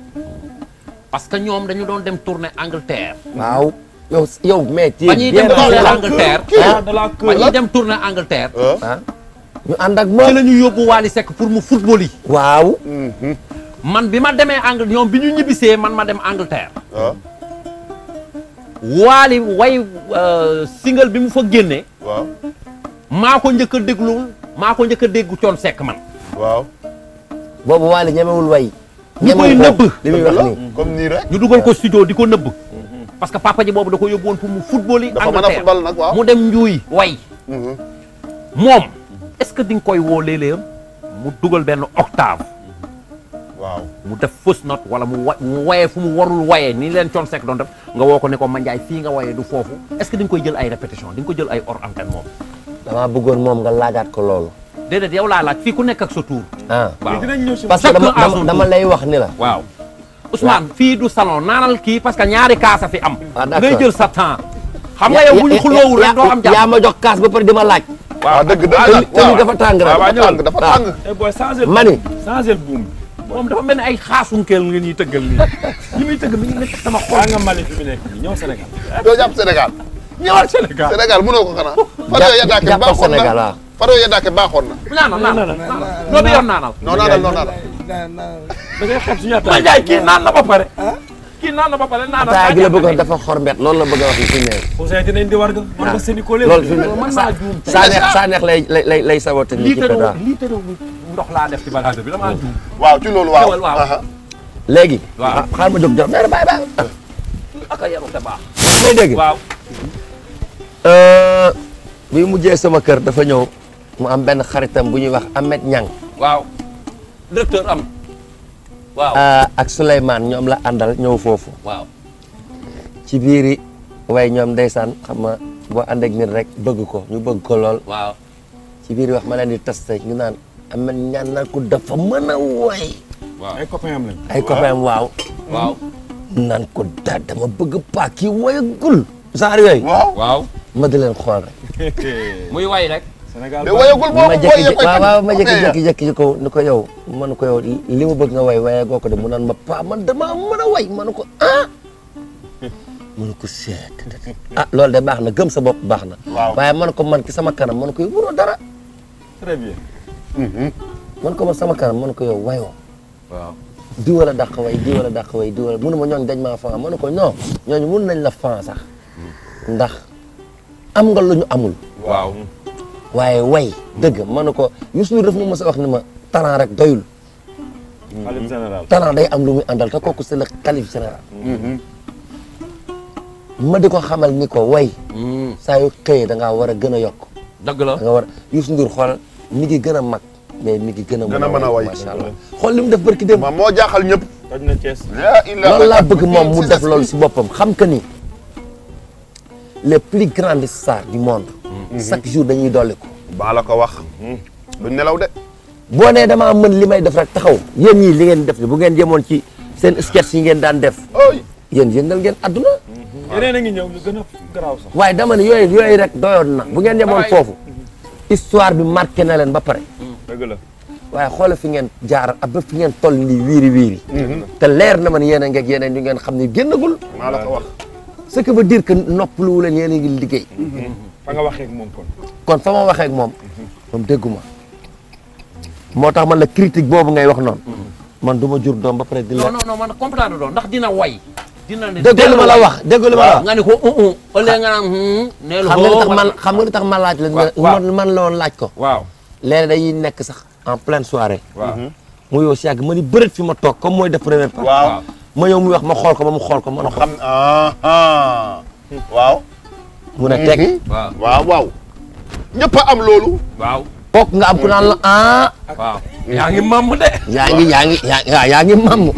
parce que ñoom dañu doon dem tourner Angleterre waaw yow yow mais ci ba ñuy dem tourner Angleterre ba ah. ñuy dem tourner Angleterre ànd ak moom ci la yóbbu Wally Seck pour mu football waaw mm-hmm. man bi ma demee Angleterre ñoom bi ñu ñibbisee man ma dem Angleterre. waaw. Ah. waali way euh, single bi mu fa génnee. waaw. maa ko njëkk déglu maa ko njëkk a dégg coon sekk man. waaw. boobu waali ñemewul way. ñu koy nëbb li muy wax ñu dugal ko studio di ko nëbb. Mhm. parce que papa ji boobu da ko yóbbu woon pour mu football yi. dafa mën a mu dem njuuy way. Mhm. moom est-ce que di koy woo léeg-léeg mu dugal benn octave. waaw mu def fausse note wala mu wa mu waye fu mu warul waye ni leen Thione nga woo ko ne ko Mandiaye fii nga waye du foofu est-ce que di nga koy jël ay répétition di nga ko jël ay hors antenne moom damaa bëggoon moom nga laajaat ko loolu déedéet yow laa laaj fii ku nekk ak ah. parce que dama lay wax ni la waaw Ousmane fii du salon naanal kii parce que ñaari kaasa fi am ah, ngay jël sa temps yaa ma jox ba pare di ma laaj waaw dafa tàng rek mani moom dafa mel ni ay xaasunkeel ngeen ñuy tëggal nii li muy tëgg mi ngi nekk sama xol. nga Mali fi mu nekk nii ñëw Sénégal. doo jàpp Sénégal. ñëwaat Sénégal Sénégal mënoo ko xanaa. jàpp jàpp Sénégal waaw Fatou Yadaake baaxoon na. naanal naanal noo di yor naanal. non naanal non naanal. da ngay xeeb suñu attaque. ma jaay kii naan na ba pare. Ah? kii naan na ba pare naanal. attaque bi la bëgg a wax dafa xor mbet loolu la bëgg a wax fii mais. Ousseyn dinañ di war nga. war nga ah. seen i collègues. loolu fi mu ne saa neex saa neex lay lay lay saboté. lii tërëwul lii tërëwul. ndox laa def ci balade bi damaa juum. loolu waaw waaw. léegi. waaw ah, ma jóg jox mais bàyyi bàyyi. ak a yaru te baax. Euh, sama kër dafa ñëw mu am benn xaritam bu ñuy wax Ahmed Niang. waaw directeur euh, ak Souleymane ñoom la àndal ñëw foofu. waaw ci biiri way ñoom ndeysaan xam nga boo ànd ak rek bëgg ko ñu bëgg ko lool. waaw ci biir wax ma leen di tas ñu naan Ameth Niang na ko dafa mën a woy waaw ay copain am lañ ay copain am waaw. waaw. naan ko daal dama bëgg paa kii woyagul. genre yooyu. waaw ma di leen xool rek. muy way rek. Sénégal mais woyagul moom woyee koy ma jékki-jékki ko ni ko yow. ma ne ko yow li ma bëgg nga way waaye goo ko de mu naan ma paa man damaa mën a way ma ko ah. mën ko seet ah loolu de baax na gëm sa bopp baax na. waaw waaye man ko man ki sama kanam man ko yow mënoo dara. Mm-hmm. man ko ba sama kanam man ko yow wayoo. waaw di wala dàq way di wala way di wala mënuma ñooñu dañ ma fan man ko non ñooñu mun nañ la fan sax mm. ndax am nga lu ñu amul. waaw waaye way. dëgg man ko Youssou Ndour daf ma mës wax ni ma talent rek doyul. xalif mm-hmm. général day am lu muy àndal te kooku c'est le mm-hmm. ma di ko xamal ni ko way. Mm. sa yu xëyee da war a gën a yokk. dëgg la mi ngi gën a mag mais mi ngi gën a. gën a mën a way macha allah xool li mu def barki dem. moo jaaxal ñëpp. toj loolu laa bëgg moom mu def loolu si boppam xam que ni les plus grandes stars du monde. Mhm. chaque jour dañuy dolli ko. baa la ko wax. Mhm. du nelaw de. boo nee damaa mën li may def rek taxaw. yéen ñi li ngeen def bu ngeen jëmoon ci seen sketch yi ngeen daan def. yéen yëngal ngeen adduna. Mhm. yeneen a ngi ñëw ñu gën a garaaw sax. waaye dama ne yooyu yooyu rek doyoon na bu ngeen yemoon foofu. histoire bi marqué na leen ba pare. dëgg la. waaye xoolal fi ngeen jaar ak ba fi ngeen toll nii wiiri wiiri. te leer na man yéen a ngeeg yeneen yu ngeen xam ni génnagul. maa la ko wax. ce qui veut dire que noppaluwu leen yéen a ngi liggéey. fa nga waxee moom kon. kon fa ma waxeek ak moom. moom dégguma moo tax man la critique boobu ngay wax noonu. Mm-hmm. man duma jur doom ba pare di la. non non man comprendre doon ndax dina way. dina la wax dégg lu ma la wax. nga uh, uh, nga naan hmm, xam nga tax tax man laaj la. man la laaj ko. waaw léeg day nekk sax en pleine soirée. Mhm. mu yow si yàgg ma fi ma toog comme mooy def première part. waaw ma yow muy wax ma xool ko ba mu xool ko ma. xam ah, ah. waaw. mun a teg. Mhm. waaw waaw am loolu. waaw. foog nga am ku naan la mhm. ah. waaw yaa ngi mamm de. yaa ngi yaa ngi yaa ngi mamm.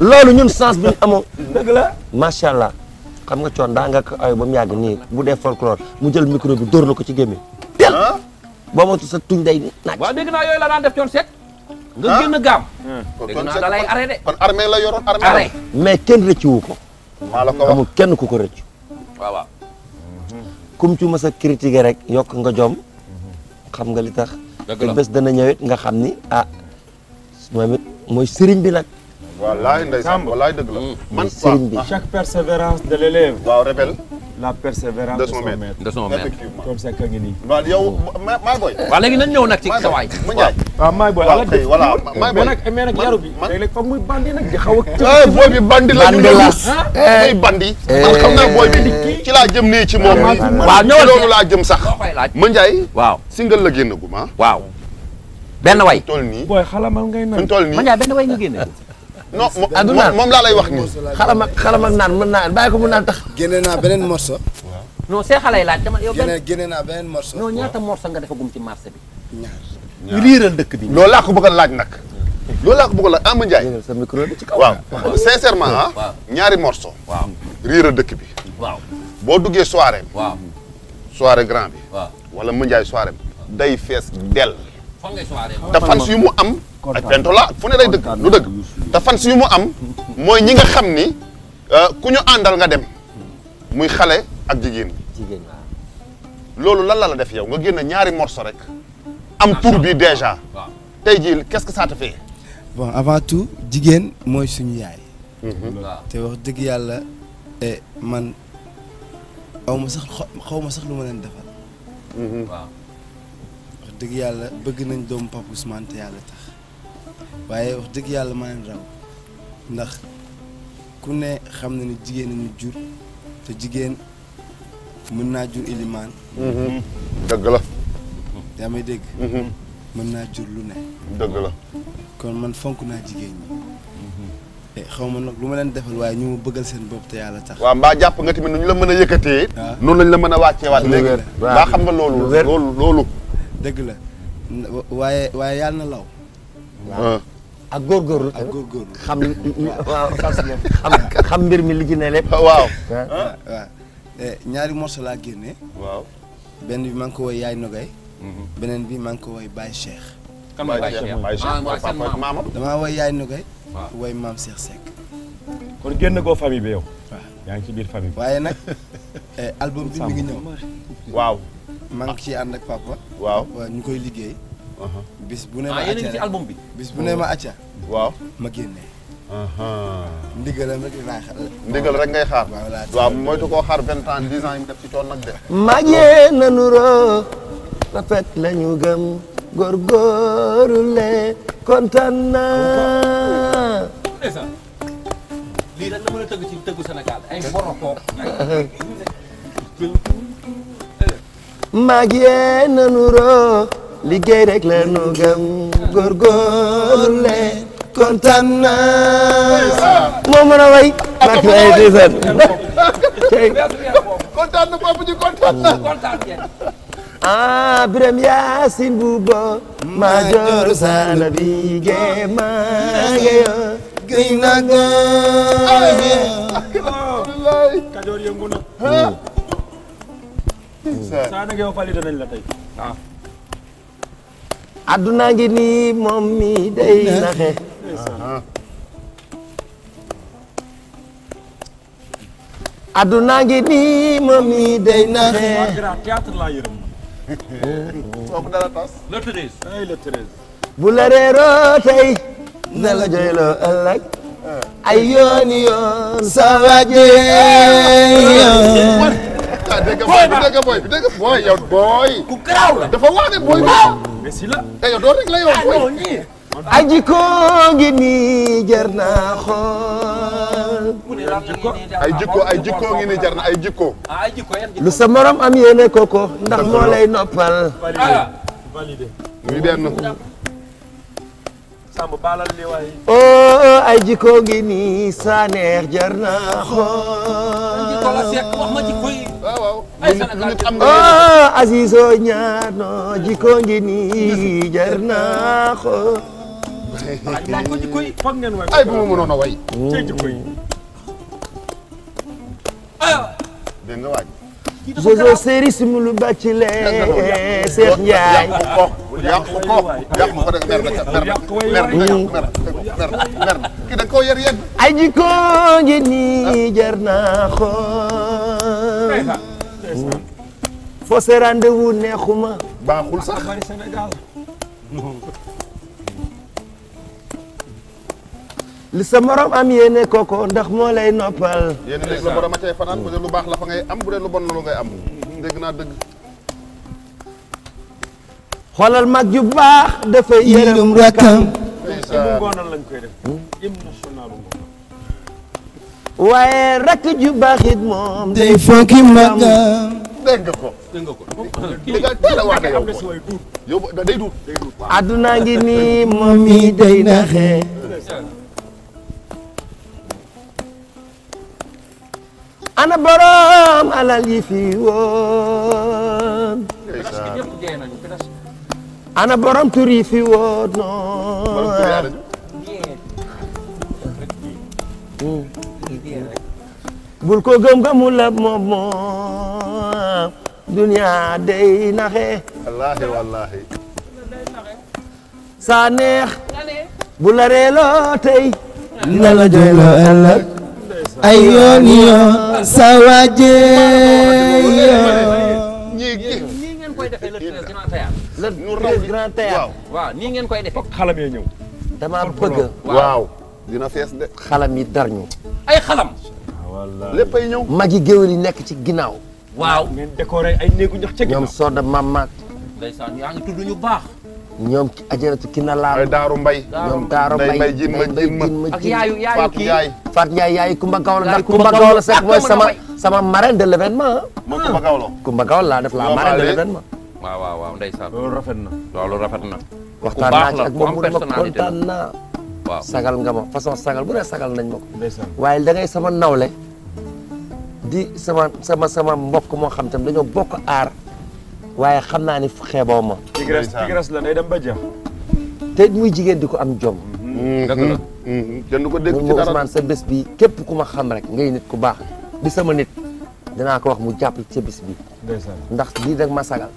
loolu ñun sens bi ñu amoon. dëgg macha allah xam nga coon daa nga ko ay ba mu yàgg nii bu dee folklore mu jël micro bi dóor la ko ci gémmiñ. tel ah. boo moytu sa tuñ day naaj. waaw dégg naa yooyu la daan def coon seet. nga ah. génn gaam. Hmm. dégg mais kenn rëccuwu ko. la ko wax kenn ku ko rëccu. waaw waaw. kum ci mës a critiquer rek yokk nga jom. xam nga li tax. te dana ñëwit nga xam ni ah mooy sëriñ bi nag. wallaay ndeysaan wallaay dëgg la. Mm. man sëriñ bi chaque persévérance de l' élève. waaw révèle. la persévérance de son maître de son maître effectivement. comme ça ka ngi nii. waaw yow mm. ma maay booy. waaw léegi nañ ñëw nag ci sa waay. ma njaay waaw maay booy. ala def voilà mm. maay booy mais nag mais nag yaru bi. man léeg-léeg foog muy bandi nag di xaw a. Eh, booy bi bandi la ñu ne la. muy ah. bandi. Eh. man xam naa booy bi eh. ci laa jëm nii ci moom. waaw ñëwal loolu laa jëm sax. ma njaay. waaw single la génnagum ah. waaw benn way. fi mu toll nii booy xalamal ngay naan. fi mu toll nii ma njaay benn way nga génne non ah, moom laa lay wax nii. xalam ak xalam ak naan mën naa bàyyi ko mën naa tax. génne naa beneen morso. non see xale yi laaj dama yow. benn génne naa beneen morso. non ñaata morso nga defagum ci marché bi. riiral dëkk bi. loolu laa ko bëgg a laaj nag. loolu laa ko bëgg a laaj Amba Ndiaye. sa micro bi ci kaw ah, ñaari morso. waaw riiral dëkk bi. waaw boo duggee soirée. waaw soirée grand bi. waaw wala Mandiaye soirée. day fees dell. fan nga soirée te fan yu mu am. ak pentola fu ne lay dëgg lu dëgg te fan suñu mu am mooy ñi nga xam ni euh, ku ñu àndal nga dem muy xale ak jigéen jigéen loolu lan la la def yow nga génn ñaari morceau rek am pour bi déjà tey jii qu'est-ce que ça te bon avant tout jigéen mooy suñu yaay mhm. te wax dëgg yàlla e, man aw ma sax xaw ma sax lu ma leen defal mhm. wax dëgg yàlla bëgg nañ doomu Pape Ousmane te yàlla tax waaye wax dëgg yàlla ma leen raw ndax ku ne xam na ni jigéen ñu jur te jigéen mën naa jur ilimaan mhm. dëgg la yaa may dégg mhm. mën naa jur lu ne dëgg la kon man fonk naa jigéen ñi mhm. eh, xaw ma nag lu ma leen defal waaye ñu ma bëggal seen bopp te yàlla tax waaw mbaa jàpp nga tamit nu ñu la mën a yëkkatee ah. noonu lañ la mën a wàcceewaat léegi mbaa xam nga loolu loolu dëgg la waaye waaye yàlla na law ah. ak góorgóorlu ak góorgóorlu xam waaw xam mbir mi li ci ne lépp. waaw ah, eh, ñaari morceau laa génne. waaw benn bi maa ngi ko woy Yaay Nogay. Mhm. bi maa ngi ko woy Baye Cheikh. kan mooy Baye Cheikh Baye Cheikh mooy waaw maam Cheikh Seck. kon génn koo famille bi yow. waaw yaa ngi ci biir famille bi. waaye nag eh, album bi waaw. maa ngi ànd ak papa. waaw ñu koy liggéey. Uh-huh. bis bu ne ah, ma acca bu ne ma acca. waaw ma génne. Uh-huh. ndigalam rek laay rek ngay xaar. waaw moytu koo xaar vingt ans dix def ci coon nag de. majee na na nuroo. liggéey rek la nu gëm góorgóorlu leen kontaan naa. a way. ak lay di sant. kontaan na bopp ji kontaan na. ah Birame Yacine Bouba. maa joor saana bi gée maa ngi yor. gëj na gën. Kajoor yëngu na. adduna ngi nii moom mi day naxe adduna ngi tey na la joyloo ëllëg ay yoon yoon sa wàjjee yoon dégg boy bi dégg boy bi dégg boy yow boy ku garaaw la dafa waane boy si eh, la. te yow doo ah, ay jikko ay ngi nii jar ay ah, jikko. lu sa morom am yéene koko ndax moo lay noppal. Ah. Samb baalal li waay. oh ay jikko ngi nii sa neex jar na ay Sénégal am nga oh ñaar no jikko ngi nii jar ay bu ma mënoon a waay. tey jikko yi. Mm. dégg nga Jojo Serigne si mu lu bàcc lee ko ko yàq ko def mer mer mer mer ay jikko ngi ah. jar naa xool. fo se rendez-vous li sa morom am yéene kooko ndax moo lay noppal. yéen lu borom a cay fanaan bu dee lu baax la fa ngay am bu dee lu bon la ngay am. dégg naa dëgg. xoolal mag ju baax dafay. yéenum rakkam yéenum koy waaye rakk ju baax it moom. day fokki magam. dégg nga ko. dégg nga ngi nii moom mi day naxee. ana borom alal yi fi woon. ana borom tur yi fi bul ko gëm gëmul la moom moom. dunya day naxe. wallaahi wallaahi. tey. dina la jooyloo ay yoon yoon sa waaje yoon ñii nii ngeen koy defee le treize grand théâtre le treize grand théâtre nii ngeen koy defee foog xalam yee ñëw damaa bëgg waaw dina fees de xalam yi dar ñu ay xalam lépp ay ñëw mag yi géwél yi nekk ci ginnaaw waaw ngeen ay néegu ñax ca ginnaaw ñoom sooda mamaak ndeysaan yaa ngi tudd ñu baax ñoom ci ajaratu Kina Laam. ay Daaru Mbay. ñoom Daaru Mbay Ndeye Mbay ma ak yaayu yaayu kii Fatou Ndiaye yaayu Kumba Gawlo ndax Kumba Gawlo sax mooy sama sama marraine de l' événement ah. mooy Kumba Gawlo. Kumba Gawlo laa def la marraine de l' événement. waaw waaw waaw ndeysaan. loolu rafet na loolu rafet na. waxtaan naa ci ak moom mu ne ma kontaan naa. waaw sagal nga ma façon sagal bu ne sagal nañ ma ko. waaye da ngay sama nawle di sama sama sama mbokk moo xam tam dañoo bokk aar waaye xam naa ni xeeboo ma. tigres la day dem ba jeex. te muy jigéen di ko am jom. Mm-hmm. dëgg la. jënd mm-hmm. ko dégg ci dara Ousmane sa bés bi képp ku ma xam rek ngay nit ku baax di sama nit dinaa ko wax mu jàpp ci sa bés bi. ndax lii rek ma sagal.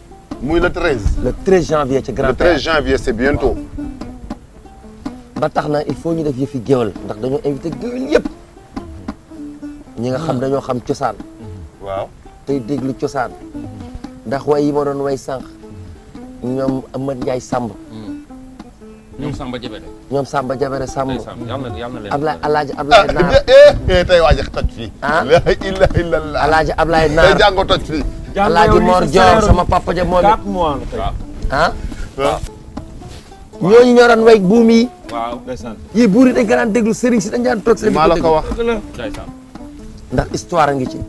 muy le treize. le treize janvier ci grand. le treize janvier c'est bientôt. ba tax na il faut ñu def yëfi géwél ndax dañoo invité géwal yëpp ñi nga xam ah. dañoo xam cosaan. waaw tey déglu cosaan. ndax way yi ma doon way sànq ñoom Amath Ndiaye Samb. Hmm. ñoom Samba Jabare. ñoom Samba Jabare Samb. yàlla na yàlla na leen Ablaye ah, Naar. Eh, eh, eh, tey waa jeex toj fii. ah la ilaha illallah. El Hadj Ablaye Naar tey jàngoo toj sama papa ja moom it. ah. waaw. ñooñu ñoo daan way buum yi. waaw ndeysaan. yii buur yi dañ ko si dañ daan toog seen. wax ndax histoire a ngi ci.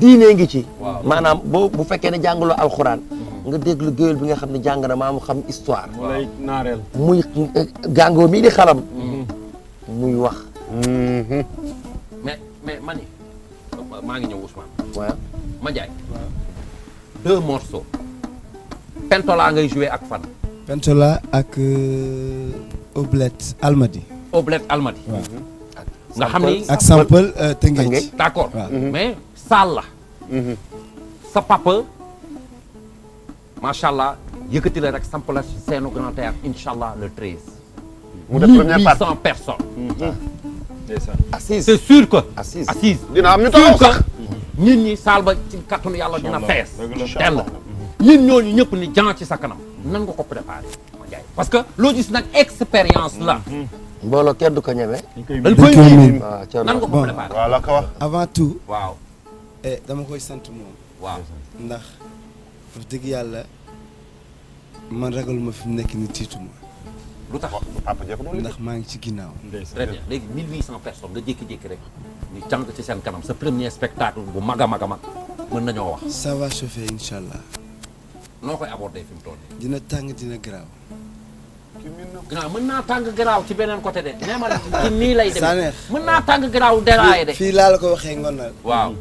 diine ngi ci maanaam boo bu fekkee ne jàngaloo alxuraan mm-hmm. nga déglu géwél bi nga xam ne jàng na maa mu xam histoire muy eh, gàngoo mii di xalam mm-hmm. muy wax mm-hmm. mais ngi ñëw Ousmane waaw ma jaay deux morceaux pentola ngay joué ak fan pentola ak euh, Oblette Almadi Oblette Almadi nga xam ni ak sample euh, Tëngéej d'accord Sall. sa papa macha allah yëkkati la rek samp la seenu Grand Théâtre incha allah le treize. mu def première partie 1800 personnes. assise c'est am ñu taxaw sax nit ñi saal ba ci kàttanu yàlla dina fees. dell nit ñooñu ñëpp ni jan ci sa kanam. nan nga préparé. parce que loo gis nag expérience la. mbooloo kenn du ko ñeme. dañ koy ah, nan nga préparé. avant tout Eh, dama koy sant moom. waaw ndax wax dëgg yàlla man ragal ma fi mu nekk ni tiitu ma. lu tax papa ndax maa ngi ci ginnaaw. très bien léegi 1800 personnes nga jékki-jékki rek ñu jàng ci seen kanam sa premier spectacle bu mag a mag a mag mën nañoo wax. ça va chauffer incha allah. noo koy aborder fi mu toll dina tàng dina garaaw. garaaw mën naa tàng garaaw ci beneen côté de. nee ma neex mën naa tàng garaaw déraillé de. fii laa la ko waxee ngoon waaw.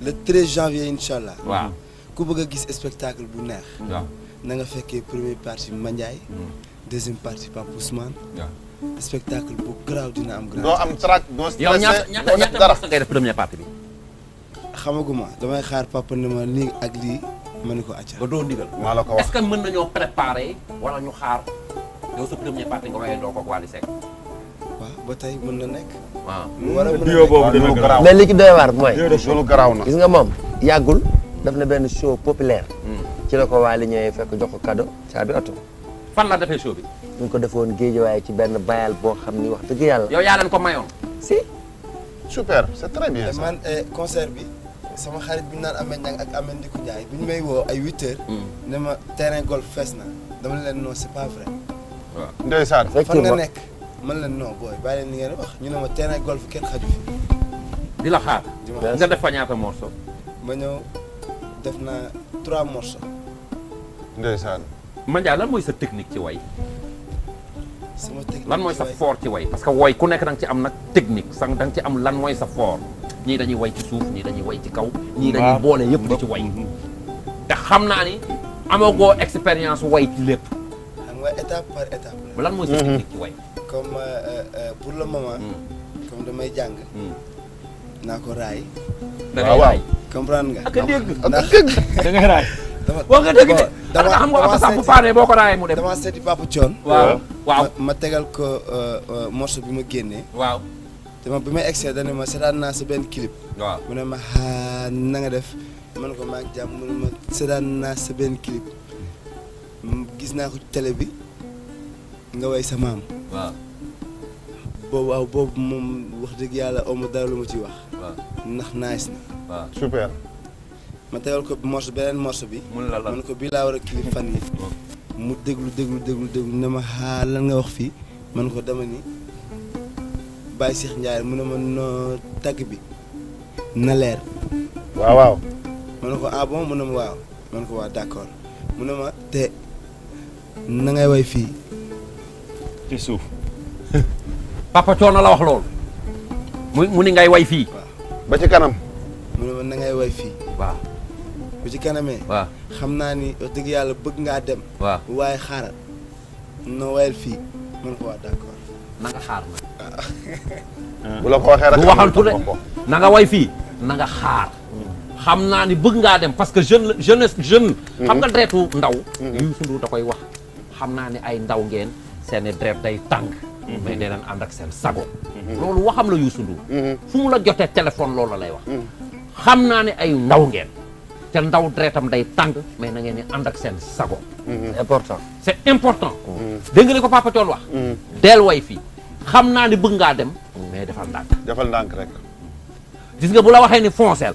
le 13 janvier incha allah. waaw ku bëgg a gis spectacle bu neex. waaw fekkee premier partie Mandiaye. Hmm. deuxième partie Pape Ousmane. waaw spectacle bu garaaw dina am. grand doo am trac doo def dara ngay bi. xamaguma damay xaar papa ne ma lii ak lii ma ne ko acca. ba la ko wax est mën nañoo préparer wala ñu xaar yow sa première partie nga waaye doo ko Wally ba tey mën na nekk. waaw wala mën na mais li garaaw na gis nga moom yàggul daf na benn show populaire. Hmm. ci la ko waa li fekk jox ko cadeau caabi oto. la defee show bi. ñu ko defoon géej waaye ci benn bayal boo xam ni wax dëgg yàlla. yow yaa leen ko mayoon. si. super c'est très bien ça. man eh, concert bi. sama xarit bi naan Ameth Niang ak Ameth Ndiku Ndiaye bi may woo ay huit heures. Hmm. ne ma terrain golf fees na leen non c'est pas vrai. waaw ndeysaan fan nga nekk. man la non booy bàyyi leen ni ngeen wax ñu ne ma terrain golf kenn xaju fi. di la xaar. nga def fa ñaata ma ñëw def naa trois morceaux. ndeysaan. Mandiaye lan mooy sa technique ci way. sama technique lan mooy sa fort ci way parce que way ku nekk da ci am nag technique sax danga ci am lan mooy sa fort ñii dañuy way ci suuf ñii dañuy way ci kaw. ñii dañuy boole yëpp di ci way. te xam naa ni amagoo expérience way ci lépp. xam la. lan mooy sa mhm. technique ci way. comme euh, euh, euh, pour le moment. Hmm. comme damay jàng. Hmm. naa ko raay. Ah, waaw waaw comprendre nga. ak ah, ah, raay. dama nga dégg de. dama xam bu Papa Thion. ma tegal ko morceau bi ma génnee. waaw. dama bi may egsee dañu ma seetaan naa sa benn mu ne ma xaa na nga def. man ko maa ngi jàmm mu ne ma seetaan naa sa benn gis naa ko ci télé bi nga way sa maam. waaw. boobu waaw boobu moom wax dëgg yàlla amul dara lu ma ci wax. waaw ndax nice na. ma tegal ko morceau beneen morso bi. mun la la man ko bii laa war a clip yi mu déglu déglu déglu déglu ne ma xaar lan nga wax fii man ko dama ni Baye Cheikh Ndiaye mu ne ma noo tagg bi na leer. waaw waaw. ma ko ah bon mu ne ma waaw. ma ko waaw d'accord mu ne ma te na ngay way fii. ci suuf. papa coono la wax lool mu mu ni ngay way fii. ba ci kanam. mu ne ma na ngay way fii. waaw. bu ci kanamee. xam naa ni dëgg yàlla bëgg ngaa dem. waaw waaye xaaral na wayal fii mën ko waa d'accord. na ah. bu la ko waxee rek bu waxantu de na nga way fii na nga xaar. xam naa ni bëgg ngaa dem parce que jeune jeunesse jeune. Mm-hmm. xam nga deretu ndaw. Mm-hmm. Youssou Ndour da koy wax xam naa ni ay ndaw ngeen. seeni deret day tàng mhm. mais dee leen ànd ak seen sago mhm. loolu waxam la Youssou Ndour mhm. fu mu la jotee téléphone loolu la lay wax xam naa ne ay ndaw ngeen te ndaw deretam day tàng mais na ngeen di ànd ak seen sago c'est important c'est important dégg nga ko Papa Thione wax deel way fii xam naa ne bëgg ngaa dem mais defal ndànk defal ndànk rek gis nga bu la waxee ni foncel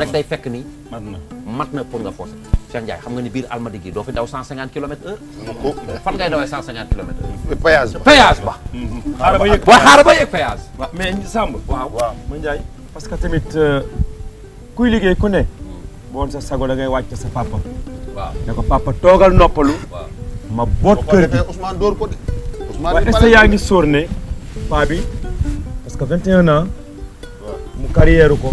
rek day fekk ni mat na pour nga foncel Cheikh Ndiaye xam nga ni biir Almadi gi doo fi daw 150 kilomètres heure. fan ngay dawee 150 kilomètres heure. péage ba péage ba. Mm-hmm. xaaral ba yëg waaw xaaral ba yëg péage. waaw mais Samb. waaw waaw ma Ndiaye. parce que tamit euh, kuy liggéey ku ne. boon sa sago da ngay wàcc sa papa. waaw ne ko papa toogal noppalu. ma boot kër gi Ousmane door ko de. Ousmane waaye est ce que yaa ngi sóor ne paa bi parce que 21 ans. mu carrière ko.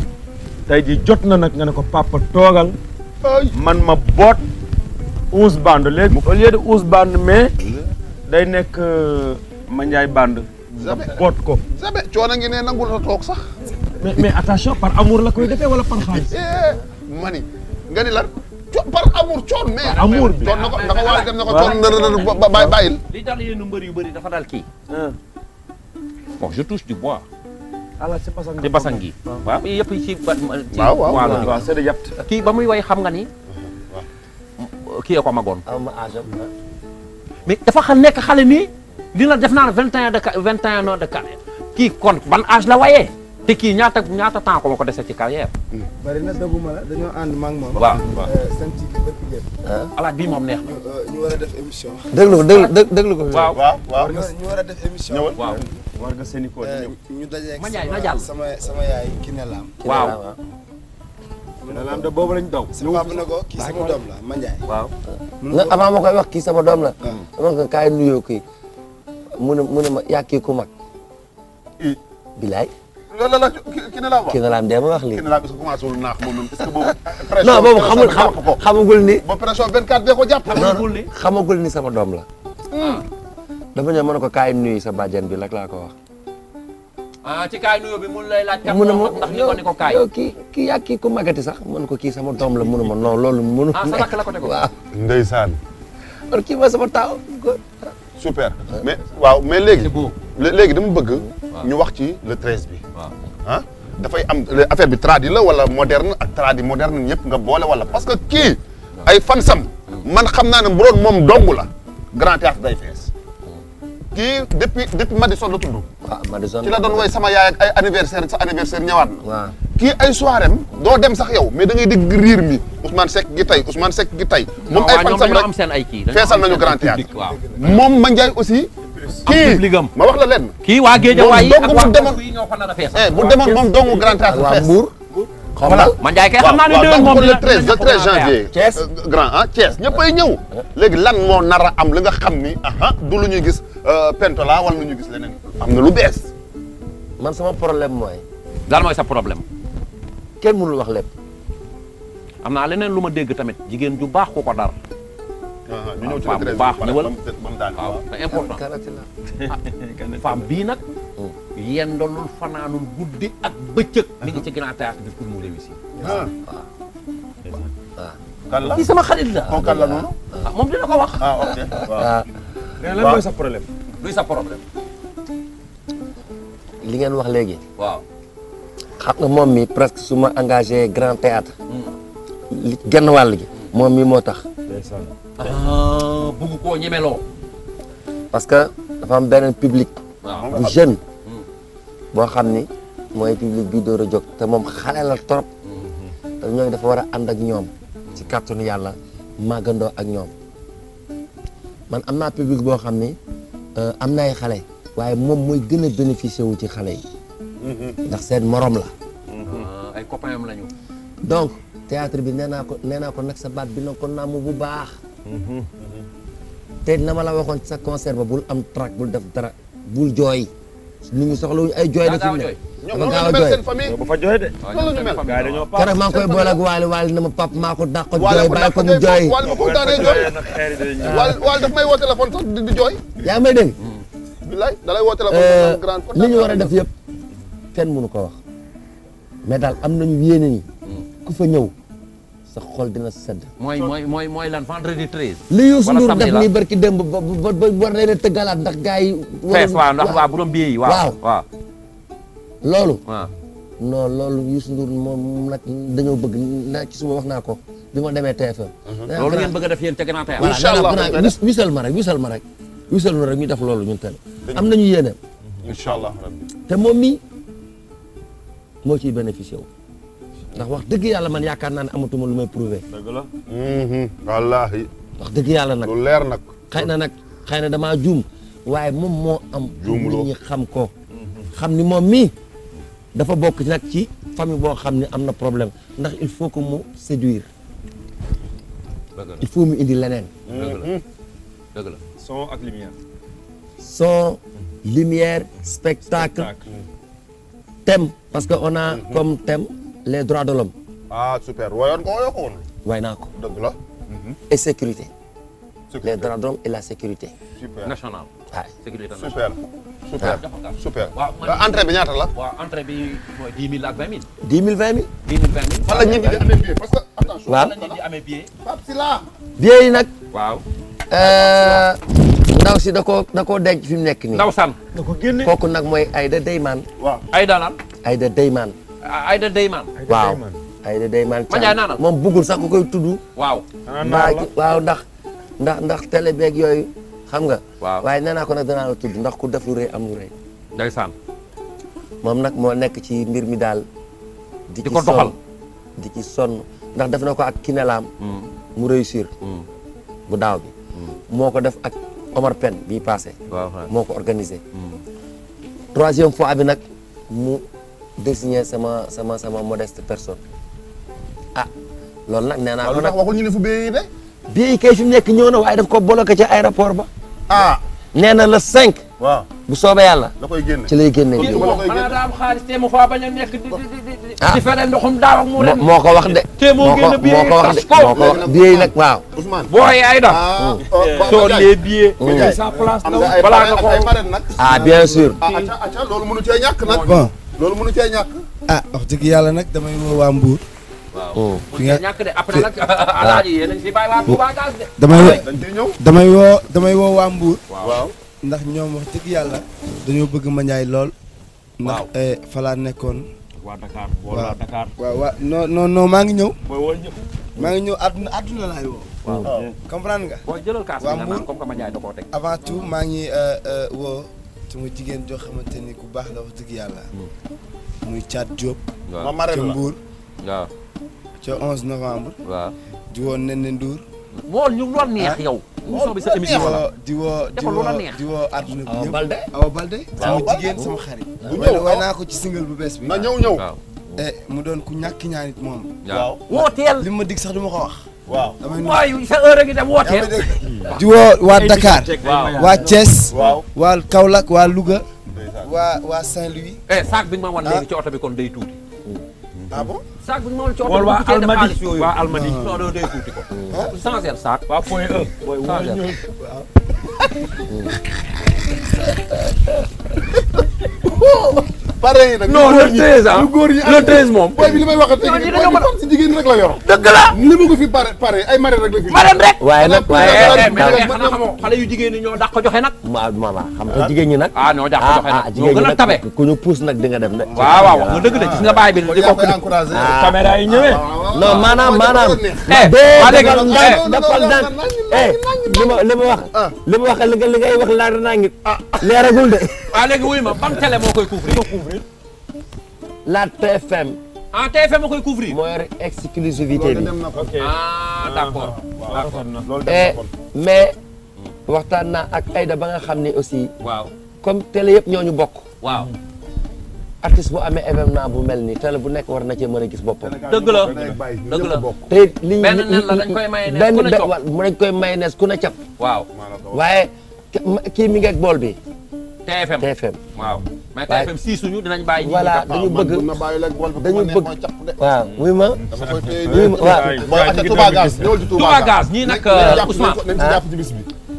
tey jii jot na nag nga ne ko papa toogal. man ma boot uus band léegi. au lieu de uus band mais day nekk euh, ma njaay band. zabe boot ko. zabe coono ngi ne nangul la toog sax. mais mais attention par amour la koy defee wala par xaalis. Eh, mani nga ni lan par amour coon mais. par amour bi coon na ko na ko waaye dem na ko coon na bàyyil. li tax yéen mbër yu bëri dafa dal kii. ci basang gi waaw yëpp ci ci kii ba muy way xam nga ni kii a ko magoon mais dafa xam nekk xale nii li na def naan vingt et un de vingt et de carrière kii kon ban âge la wayee te kii ñaata ñaata temps ko ma ko dese ci carrière. bari na dëgguma la dañoo ànd ma ak moom. waaw waaw sant ci bëpp alaaj bii moom neex na. Euh, ñu war a def émission. déglu ko déglu ko. waaw waaw ñu war a def émission. waaw war nga seen i koo di euh, ñëw. ñu dajeeg sama sama sama yaay Kiné Lam. waaw. Kiné Lam de boobu lañ daw. sama papa na ko kii sama doom la Mandiaye. waaw. nga avant ma koy wax kii sama doom la. Ah. dama ko kaay nuyoo kii. mu ne mu ne ma yaa kii ku mag. bilaay. loolu la Kiné Lam Kiné Lam dee ma wax lii. Kiné moom est-ce que boobu. pression boobu xamul xamagul ni. ba pression 24 ko jàpp. xamagul ni xamagul ni sama doom la. Hmm. dafa ñëw mën na ko kaay nuyu sa bàjjen bi rek laa ko wax. ah ci kaay nuyoo bi mun lay laaj. kat moom ndax kaay yow kii kii yaa kii ku magati sax mën ko kii sama doom la mënu ma non loolu mënu. ah sa rakk la ko teg ko kii ma sama taaw. super waaw mais léegi. léegi dama bëgg. ñu wax ci le treize bi. ah dafay am affaire bi tradi la wala moderne ak tradi moderne ñëpp nga boole wala parce que kii. ay fan sam man xam naa ne bu moom dong la. grand théâtre day fees. kii depuis depuis Madison la tudd. waaw Madison ci la doon woy sama yaay ak ay anniversaire sa anniversaire ñëwaat na. waaw kii ay soirée dem sax yow mais da ngay dégg riir mi Ousmane Seck gi tey Ousmane Seck gi tey. moom ay fan sam rek feesal nañu grand théâtre moom Mandiaye aussi. kii ma wax la leen kii waa Géeja waaye ak waa Mbour yi ñoo ko a fees. bu eh, demoon moom dong grand théâtre fees ma Mbour. voilà man jaay kay xam naa ne déwén moom dina dina le 13 janvier. Thiès euh, euh, grand ah Thiès ñëppay ñëw. léegi lan moo nar a am li nga xam ni ah du lu ñuy gis euh, pentola wala lu ñuy gis leneen. am na lu bees. man sama problème mooy. daal mooy sa problème. kenn mënul wax lépp. am naa leneen lu ma dégg tamit jigéen ju baax ku ko dar. Ah, femme bu baax ñëwal waaw ah, c'est ah, important femme bii nag yendalul fanaanul guddi ak bëccëg mi ngi ci grand théâtre bi pour mu réussir waaw sama xarit la kon kan moom dina ko wax li ngeen wax léegi waaw nga moom mi presque su ma engage grand théâtre li hmm. genn wàll gi moom mi moo tax ndeysaan ah, bugg koo ñemeloo parce que dafa am beneen public bu jeune boo xam ni mooy public bi door a jóg te moom xale la trop mhm. te ñooñu dafa war a ànd ak ñoom ci kàttanu yàlla màggandoo ak ñoom man am naa public boo xam ni euh, am na ay xale waaye moom mooy gën a bénéficier wu ci xale yi mhm. ndax seen moroom la ah, ay copain lañu théâtre bi nee naa ko nee naa ko nag sa baat bi na ko namm bu baax mhm. te na ma la waxoon sa concert ba bul am trac bul def dara bul jooy nit ñi soxla wuñu ay jooy de fi mu ne dafa gaaw a maa koy boole waali waali na pap maa ko dàq jooy bàyyi ko mu jooy waali ma ko daanee jooy yaa may dégg bilaay da lay woo téléphone euh, li ñu war a def yëpp kenn ko wax mais daal am nañu yéene ni mm. ku fa ñëw sa xol dina sedd. mooy mooy mooy mooy lan vendredi treize. li Youssou Ndour def ni barki démb ba war na leen tëggalaat ndax gars yi. fees ndax waaw yi waaw loolu. noo loolu Youssou Ndour moom nag dañoo bëgg na ci suba wax naa ko bi ma demee TFM. loolu ngeen bëgg a def yéen teg naa tey. incha allah voilà nee naa ma rek wisal ma rek. ñu def loolu ñu télé. am nañu yéene. incha allah te moom mi moo ciy bénéficié wu. ndax wax dëgg yàlla man yaakaar naa ne amatuma lu may prouver. dëgg la. Mhm. wallaahi. wax dëgg yàlla nag lu leer nag. xëy na nag xëy na damaa juum waaye moom moo am. juumuloo nit ñi xam ko. Mhm. xam ni moom mii dafa bokk nag ci famille boo xam ne am na problème ndax il faut ko mu séduire. il faut mu indi leneen. dëgg mhm. spectacle. thème parce que on a comme thème. les droits de l'homme ah super wayoon ko way naa ko. dëgg la. Mhm. sécurité. sécurité les de l'homme et la sécurité. nationale. Ah. Euh, entrée bi ñaata la. entrée bi mooy dix mille vingt mille. dix mille vingt mille. dix mille vingt mille. fan la ñuy di amee billet parce que. attention fan la ñuy euh, si da koo koo denc fi mu nekk nii. ndaw san mooy Aïda Deyman. waaw Deyman. Aïda Deyman. waaw Aïda Deyman. Mandiaye naana moom bëggul sax ku koy tudd. waaw. waaw ndax ndax ndax télé beeg yooyu xam nga. waaw waaye nee naa ko nag danaa la tudd ndax ku def lu rëy am lu rëy. ndeysaan. moom nag moo nekk ci mbir mi daal. di ko doxal di ci sonn ndax def na ko ak Kinelaam. Mm. mu réussir. Mm. bu daaw bi. Mm. moo ko def ak Omar Pen bii passé. moo ko organisé. troisième fois bi nag mu. désigner sama sama sama modeste personne ah loolu nag nee naa. ko nag waxul ñu ne fu béyee de. bii kay fi mu nekk ñëw waaye daf ko bloqué ci aéroport ba. ah nee na le 5. waaw bu soobee yàlla. da koy génne ci lay génne. a nekk ah. moo ko wax de. te moo génne billet yi tas ko moo ko wax de billet nag waaw. Ousmane boo yaay da. soo lee billet. sa ah, bien sûr. Ah, loolu mënu cee ñàkk. ah wax dëgg yàlla nag damay woo waa Mbour. Oh. Ah. damay woo damay woo damay waa Mbour. ndax ñoom wax dëgg yàlla dañoo bëgg Mandiaye lool. waaw ndax eh, falaa nekkoon. waa Dakar wala Dakar. maa ngi ñëw. mooy maa ngi ñëw àdduna àdduna laay woo. waaw comprendre nga. boo jëlal kaas euh, euh, woo. te mu jigéen jox xamante ni ku baax la wax dëgg yàlla. Mm. muy Thiat Diop. waaw ma ca Mbour. waaw. ca 11 novembre. waaw di woo Nene Ndour. wool ñu ah. di woo di woo di woo Balde sama jigéen sama mm. xarit. way ah. naa ko ci single bu bees bi. na ñëw ñëw. Eh, mu doon ku ñàkk ñaanit moom. waaw li ma dig sax du ma ko wax. waaw mooy sa heure hmm. waa Dakar. waa Thiès. waa Kaolack waa Louga. waa waa louis eh, bi nga ma parrain yi nag. non le treize ah góor ñi le treize moom. booy bi li may wax ak tey rek la yor. dëgg la ma ko rek la fi. marraine waaye nag waaye yu jigéen ñi ñoo dàq ko joxe nag. ma ma xam nga jigéen ñi nag. ah ñoo dàq ko joxe nag ñoo gën a tabe ku ñu pousse de. waaw waaw nga dëgg de gis nga baay bi di ko. caméra yi ñëwee. non maanaam maanaam. waa li ma li ma wax. li ma wax li ngay wax laata naa ngi leeragul de. waa léegi wuy ma ban télé moo koy couvrir la TFM. ah TFM a koy couvrir. moo yor exclusivité bi. ah, ah eh, mais waxtaan naa ak ayda ba nga xam ne aussi. waaw comme télé yëpp ñoo ñu bokk. waaw. artiste bu amee événement bu mel nii télé bu nekk war na cee mën a gis boppam. dëgg la dëgg la te li ñu benn nen la dañ koy mayonnaise ku na cap waaw waaye kii mi bool bi. TFM mais TFM sii suñu bàyyi. voilà dañu bëgg dañu bëgg waaw oui ma. oui ma waaw. Touba Gaz ñëwal ci Touba Gaz ñii nag euh, Ousmane ah.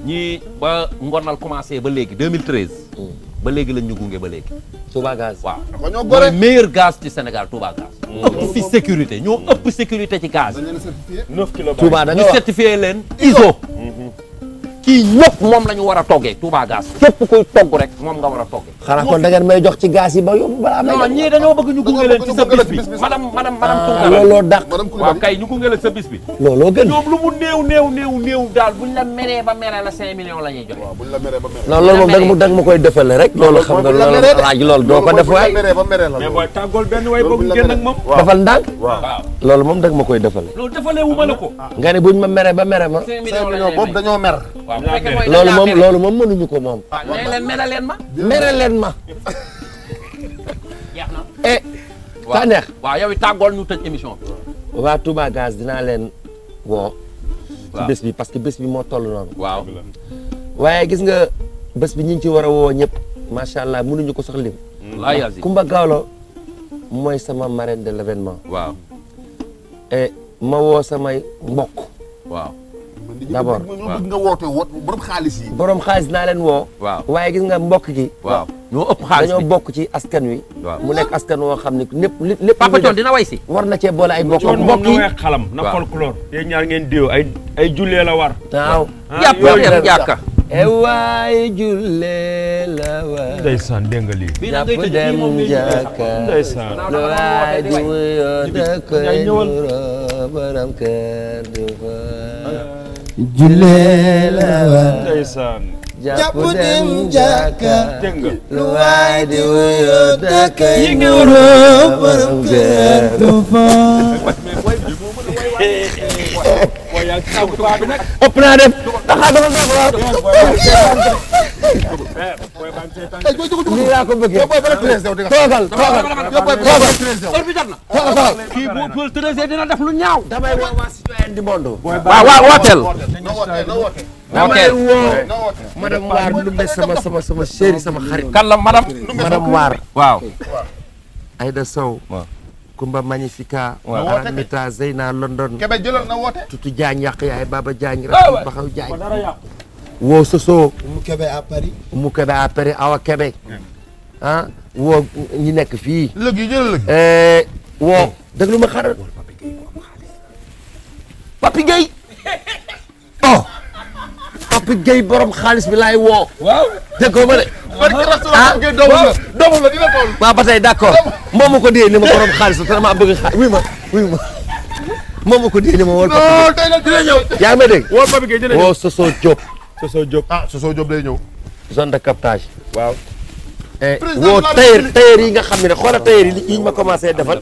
ñii ba Ngonal commencé ba léegi 2013. Mm. ba léegi lañ ñu gunge ba léegi. Touba Gaz waaw. ñoo ci Sénégal Touba Gaz. Mm. ëpp fi sécurité ñoo ëpp sécurité ci gaz. 9 kilobytes Touba da nga wax ñu certifié leen ISO. kii yëpp moom la ñu war a toggee Touba gaz képp kuy togg rek moom nga war a toggee. xanaa kon da ngeen may jox ci gaz yi ba yóbbu balaa may. non ñii dañoo bëgg sa bis bi madame madame madame ah, Tounkara looloo dàq waaw kay sa bis bi la meree ba meree la cinq millions la ñuy joxe buñ loolu moom dag ma koy defale rek loolu xam nga loolu laaj loolu doo ko def waay mais booy tàggool benn waay moom dafal ma koy defale loolu defale wu ma la ko nga ne buñ ma meree ba meree ma cinq millions boobu dañoo mer loolu moom loolu moom mënuñu ko moom. waaw mere leen ma. mere leen ma. jeex na. Eh, neex waa Touba Gaz dinaa leen woo. ci bés bi parce que bés bi moo toll noonu. waaw. waaye gis nga bés bi ñu ngi ci war a woo ñëpp macha allah mënuñu ko sax lim. Kumba Gawlo mooy sama marraine de l'événement. waaw. Eh, ma woo samay mbokk. d'abord waaw nga woote woot borom xaalis yi. borom xaalis naa leen woo. waaw waaye gis nga mbokk gi. waaw ñoo ëpp xaalis dañoo bokk ci askan wi. mu nekk askan woo xam ne lépp lépp. Papa Thione dina way si. war na cee boole ay mbokk mbokk yi Thione moom na xalam na folklore. yéen ñaar ngeen diw ay ay jullee la war. waaw yàpp yàpp yàkka. ewaay jullee la war. ndeysaan dégg nga lii. bii nag ngay tëj moom ndeysaan. lu waay di wuyoo da koy nuroo borom kër du fa. jullee la war jàpp dem jàkka lu waay di wuyoo dëkk yi nuroo borom kër du fa ëpp naa def taxaw dama ko bëggee. toogal toogal toogal. kii bu Paul Trezeguet dina def lu ñaaw. damay woo waa citoyen di monde. waaw waaw wooteel. damay woo madame sama sama sama sama xarit. kan la madame madame Waar. waaw. Aïda Sow. Kumba Magnifica. waaw woote Aramita Zeyna London. Kébé jëloon na woote. Tutu Diagne yàq yaay Baba Diagne. waaw Baxaw Diagne. woo Soso. mu Kébé à Paris. mu Kébé hmm. ah, woo ñi nekk fii. lëg yi jël eh, ma xaral. Papi Pape Gueye borom xaalis bi laay woo. waaw déggoo ma de. ah tey d' accord moom ma ko dee ni ma xaalis la moom ma ko dee ni ma. woo Pape Gueye non dina ñëw. yaa ngi may dégg woo Pape ah, ñëw zone de captage. waaw. Eh, président woo tailleur yi nga xam ne xoolal tailleur yi ñu ma commencé defal.